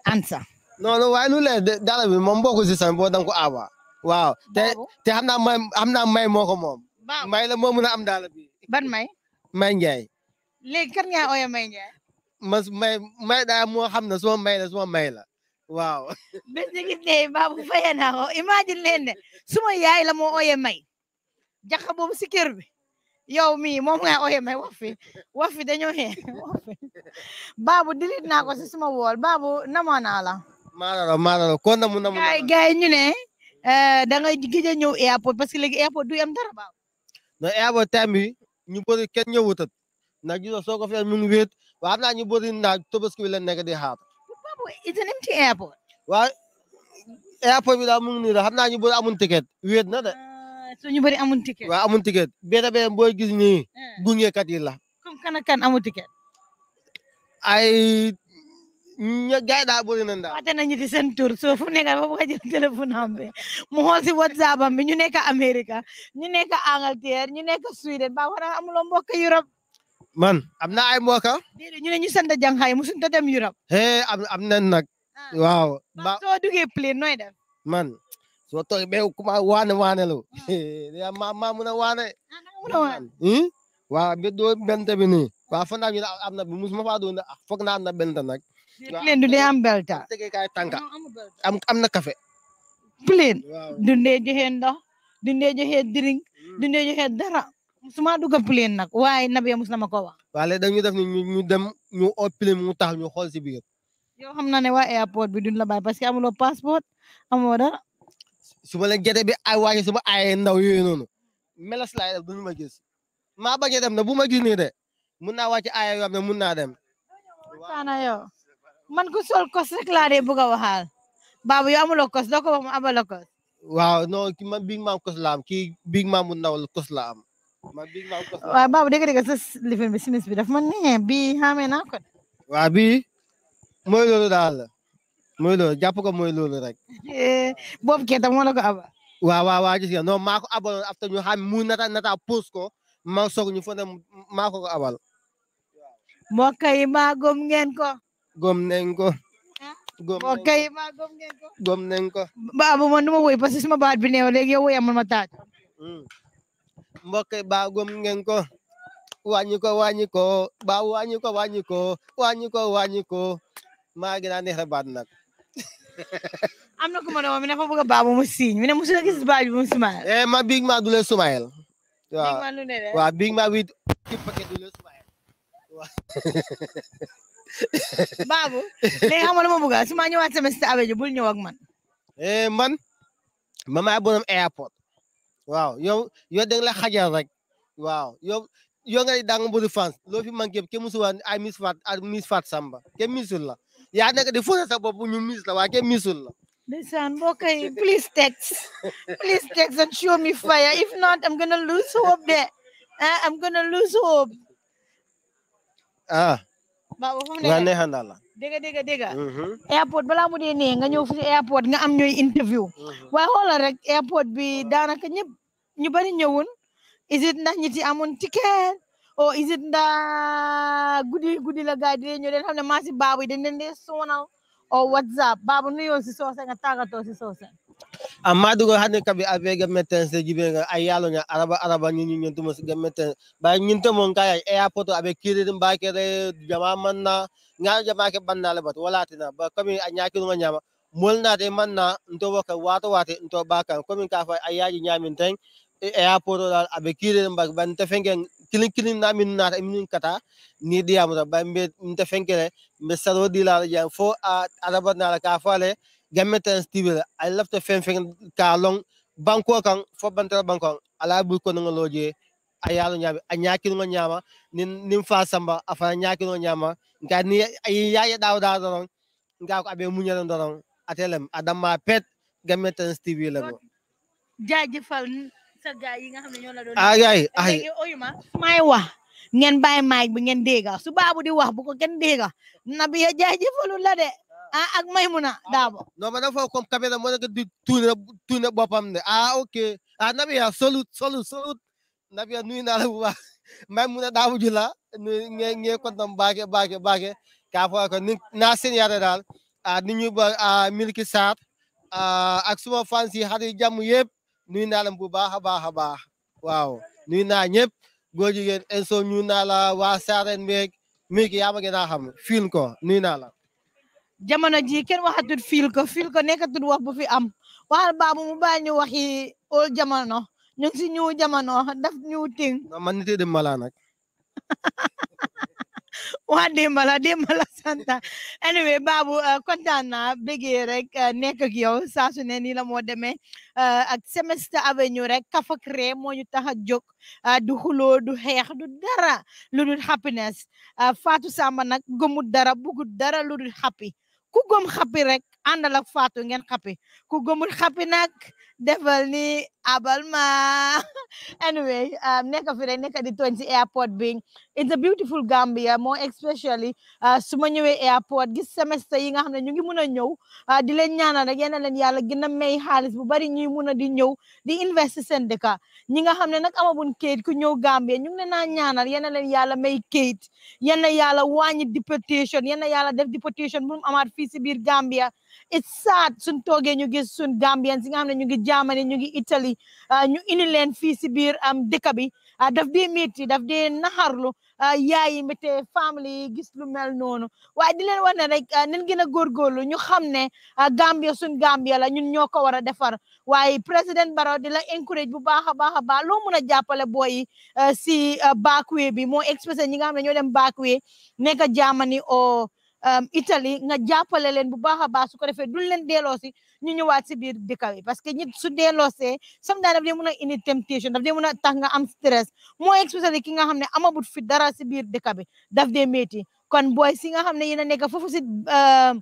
answer no no waaye lu leer daala bi mom boo ko si sam boo danga ko awa waaw te te xam naa may xam naa may ko moom may la moo mën a am daala bi ban may may njaay léegi kan ngaa ooya may njaay ma may may daa moo xam ne suma may la suma may la waaw bés ni gis ne baabu fayee naa ko imagine leen ne suma yaay la moo ooyee may bobu boobu si kër bi yow mi moom nga ooyee may wax fi wax fi dañoo xee naa ko si suma wool baabu namoo naa la maanalo maanalo kon na mu namu gaay gaay ñu ne da nga gëj a ñëw airport parce que léegi du am dara baabu no airport time bi ñu bëri kenn ñëwutat nag ñu soo ko fee mu ngi wéet waa am naa ñu bëri naa tobaski it's an empty airport. waaw airport bi daal mu ngi nii la xam amun ticket wéet na de. Ah, so ñu bëri amun ticket. wa amun ticket benn benn booy gis nii. Eh. gungeekat yi la. comme kan ak kan amun ticket. ay. ña gaay daa bëri nañ daal. waxtaan nañu ci seen fu nekk ba bëgg a jël téléphone am bi mu whatsapp am bi ñu nekk Amérique ñu nekk ba war a amuloo Europe. man am na ay mbokka déedéet ñu ne ñu sant jànxaay musuñ ta dem Europe eh am nañ nag ah. waaw ba soo duggee plane man soo toogee ba kuma waane waane lu ah. ma ma mun bi ah, hmm? doo bent bi nii waaw foog naa ñu ne na musuma faa doon foog na bent nag plane du dee am belta tegekaay am am na café plane du dee dara suma duga plane nak waye nabi mus na ko wax walé dañu def ni ñu dem ñu op mu tax ñu xol ci biir yo xamna né wa airport bi duñ la bay parce que amulo passeport amo da suba la gete bi ay waaye suba ay ndaw yoy nonu melas lay def duñ ma gis ma bëggee dem na buma gis ni dé mun naa ay yo xam ne dem waxtaana yo, man ko sol kos rek la dé bu ga waxal babu yo amulo kos doo wax mu abalo kos waaw non ki man big mam kos la am ki big mam mu ndaw kos la am waaw baabu dégg sa lifin bi simis bi daf ma neexee bii xamee naa ko waaw bii mooy daal mooy loolu jàpp ko mooy loolu rek eh, boobu kee tam moo ko aba waaw waaw waaw gis nga non maa ko abaloon ñu xam mu nata nata pos ko ma soog ñu fo ne maa ko abal mbokk yi maa gom ngeen ko gom nañ ko eh? mbokk yi maa nañ ko baabu man woy parce que suma baat bi neew léegi yow ma taaj hmm. mbokk ba gom ngeen ko wàññi ko wàññi ko ba wàññi ko wàññi ko wàññi naan neex a baat am na ku ma ne ma mi ne fa bëgg a baabu mu siiñ musu la baaj bu mu sumayel. Eh, ma big ma du la sumayel. waaw ma with paquet du la sumayel waaw. baabu léegi xam nga lu ma bul ñëw man. eh man mama borom airport. Wow, yow yow da nga la xajal rek waaw yow yow nga da nga bëri fans loo fi manqué yëpp kenn musul waa ay Miss Fat ay ah, Miss Fat Samba kenn misul la yaa nekk di fóotal sa bopp ñu miss la waaye kenn misul la. Listen, okay, please text. Please text and show me fire. If not, I'm gonna lose hope there. Uh, ah, I'm gonna lose hope. Ah. but we to. dégg dégg dégg mm-hmm. airport bala mu dee nee nga ñëw fu airport nga am ñooy interview mm-hmm. waaye xoolal rek airport bi daanaka ñëpp ñu bari ñëwoon is it ndax ñi ci amoon ticket o is it ndax guddi guddi la gaay di ñëw den xam ne maa si baabu yi dañ leen dee sonal o whatsapp baabu nuyoon si soose nga tàggatoo si soose amma dugo hande kabe abe gammeten se jibe ga ay yalonya araba araba ni ni nyantuma se gammeten ba nyinto mon kay ya, ay airport abe kire dum ba ke re jama manna ngal jama ke banna le bat wala tina ba kami anyaki dum nyama na de manna nto ka wato wate nto ba ka kami ka fa ayaji nyamin tan e, airport dal abe kiri dum ba ban te fengen kilin kilin na min na min kata ni diamu ba mbe te fengere mbe sarodi la jam fo araba na la ka fa le gammetens tibira ay lafta fenfen ka long banko kan fo bantara banko ala bul ko nga loje ayalo nyabe a nyakino nga nyama nin nin fa samba afa nyakino nyama nga ni ay daw daw don nga ko abe munya don atelem adama pet gammetens tibira go jaajëfal sa gaay yi nga xam ne ñoo la doon ay ay ay may wax ngeen bàyyi maaj bi ngeen dégga di wax bu ko kenn dégga nabi jaajëfalu de a ak may ah, Dabo non ma dafa comme caméra moo nekk di tourner tourner boppam ne ah ok ah Nabiya salut salut salut Nabiya nuyu naa la bu baax Maymuna Dabo ju la nge nge ko na seen daal ah ni ñu ba ah Miliki Sarr ah, ak suma fans yi xarit jàmm yëpp nuyu naa la bu baax a baax a baax waaw nuyu naa ñëpp góor jigéen Enso ñu naa la waa Miliki yaa ma gën a naa la jamono ji ken waxatul fil ko fil ko nekkatul wax bu fi am waxal babu mu bañu waxi ol jamono ñu ci ñu jamono daf ñu ting man nité de mala nak mala de mala santa anyway babu content eh, na bege rek eh, nek ak yow sa su ne ni la mo demee eh, ak semester avenue rek kaf ak ree moo ñu tax a jóg du xulo du xex du dara lu happiness Fatou Samba nak gomu dara bugu dara happy ku gëm xappi rek àndal ak Fatou ngeen xappi ku gëmul xappi nag defal ni abal ma anyway um, nekk fi rek nekk di tooñ si airport bi it's a beautiful Gambia more especially uh, su ma ñëwee airport gi semestre yi nga xam ne ñu ngi mun a ñëw uh, di leen ñaanal rek yéen a leen yàlla gën a may xaalis bu bari ñuy mun a di ñëw di investi seen dëkk ñi nga xam ne nag amabuñ kayit ku ñëw Gambia ñu ngi leen naa ñaanal yéen a leen yàlla may kayit yéen a yàlla wàññi déportation yéen a yàlla def déportation bu mu amaat fii si biir Gambia it's sad suñ toogee ñu gis suñ Gambien si nga xam ne ñu ngi Germany ñu ngi Italy ah, ñu indi leen fii si biir am dëkk bi ah, daf dee métti daf dee naxarlu ah, yaayi mbete famille yi gis lu mel noonu waaye di leen wax ne rek nañ gën a góorgóorlu ñu xam ne Gambia suñ Gambia la ñun ñoo ko war a defar waaye président Barrow di la encourage bu baax a baax a baax loo mun a jàppale booyi si backway bi moo expressé ñi nga xam ne ñoo dem backway nekk Germany o Um, Italie nga jàppale leen bu baax a baax su ko defee duñ leen delloosi ñu ñëwaat si biir dëkk bi parce que ñi su delloosee sometimes daf dee mën a indi temptation daf dee mën a tax nga am stress moo especially ki nga xam ne amabut fi dara si biir dëkk bi daf de métti kon booy si nga xam ne yéen a nekk foofu si um,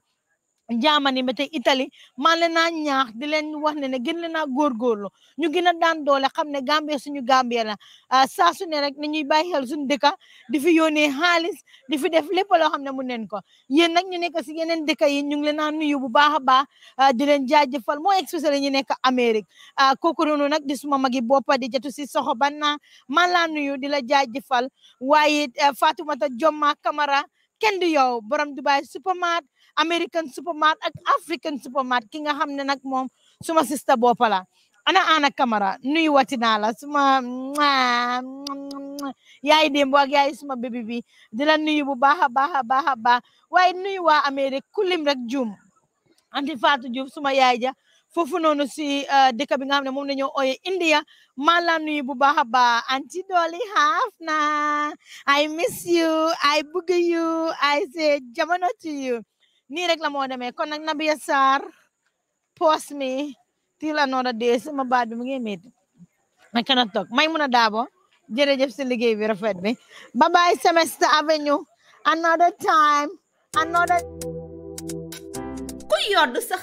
Germany ba tey Italie man leen naa ñaax di leen wax ne ne gën leen naa góorgóorlu ñu gën a daan doole xam ne Gambia suñu Gambia la ah, saa su rek ni ñuy bàyyi xel suñu dëkka di fi yónnee xaalis di fi def lépp loo xam ne mun neen ko yéen nag ñu nekk si yeneen dëkka yi ñu ngi leen naa nuyu bu baax a baax ah, di leen jaajëfal moo exposé ñu nekk Amérique ah, kooku noonu nag di suma magi boppa di jatu si soxo ban naa man laa nuyu di la jaajëfal waaye eh, Fatoumata Jomma kamara kenn yow borom Dubai supermarché American supermat ak African supermat ki nga xamne nak mom suma sister boppa la ana ana camara nuy wati naa la suma yaay démb ak yaay suma bébi bi bu ba way nuy wa kulim rek juum andi Fatou Diouf suma yaay ja fofu nonu si euh, deka bi nga xamne mom lañu oyé India ma la nuyu bu baax ba anti doli na I miss you I bug you I say jamono to you nii rek la moo demee kon nag Nabiya Sarr post me till another day sama baat bi mu ngi métti I cannot talk Maimouna Darboe jërëjëf si liggéey bi rafet bi ba bye Semester Avenue another time another ku yor du sa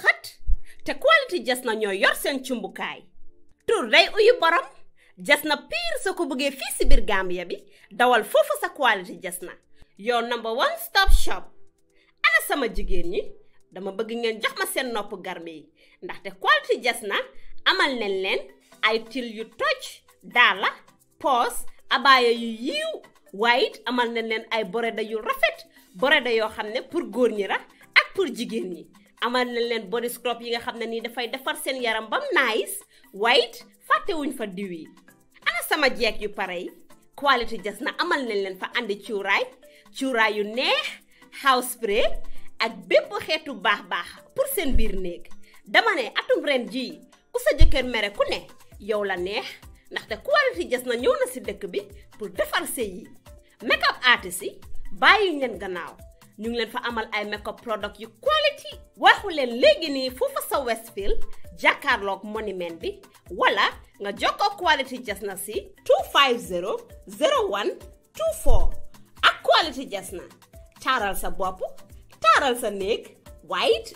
te quality jas na ñoo yor seen cumbukaay tur day uyu borom jas na piir sa ko bëggee fii si biir Gambia bi dawal foofu sa quality jas na your number one stop shop ana sama jigen ñi dama bëgg ngeen jox ma seen nopp yi ndaxte quality jas na amal nañ leen ay til yu toj daala poos abaaya yu yiiw waaye it amal nañ leen ay boreda yu rafet boreda yoo xam ne pour góor ñi ra ak pour jigéen ñi amal nañ leen body scrub yi nga xam ne nii dafay defar seen yaram bam nice waaye it wuñ fa diw yi ana sama jeeg yu pare quality jas na amal nañ leen fa andi cuuraay cuuraay yu neex house spray ak bépp xeetu baax baax pour seen biir néeg dama ne atum ren jii ku sa jëkkër mere ku ne yow la neex ndaxte quality jës na ñëw na si dëkk bi pour defar sëy yi make up artist yi bàyyi leen gannaaw ñu ngi leen fa amal ay make up product yu quality waxu leen léegi nii foofa sa Westfield jàkkaarloog monument bi wala nga jokkoo quality jës na si 250 01 24 ak quality jës na taral sa bopp taaral sa néeg waaye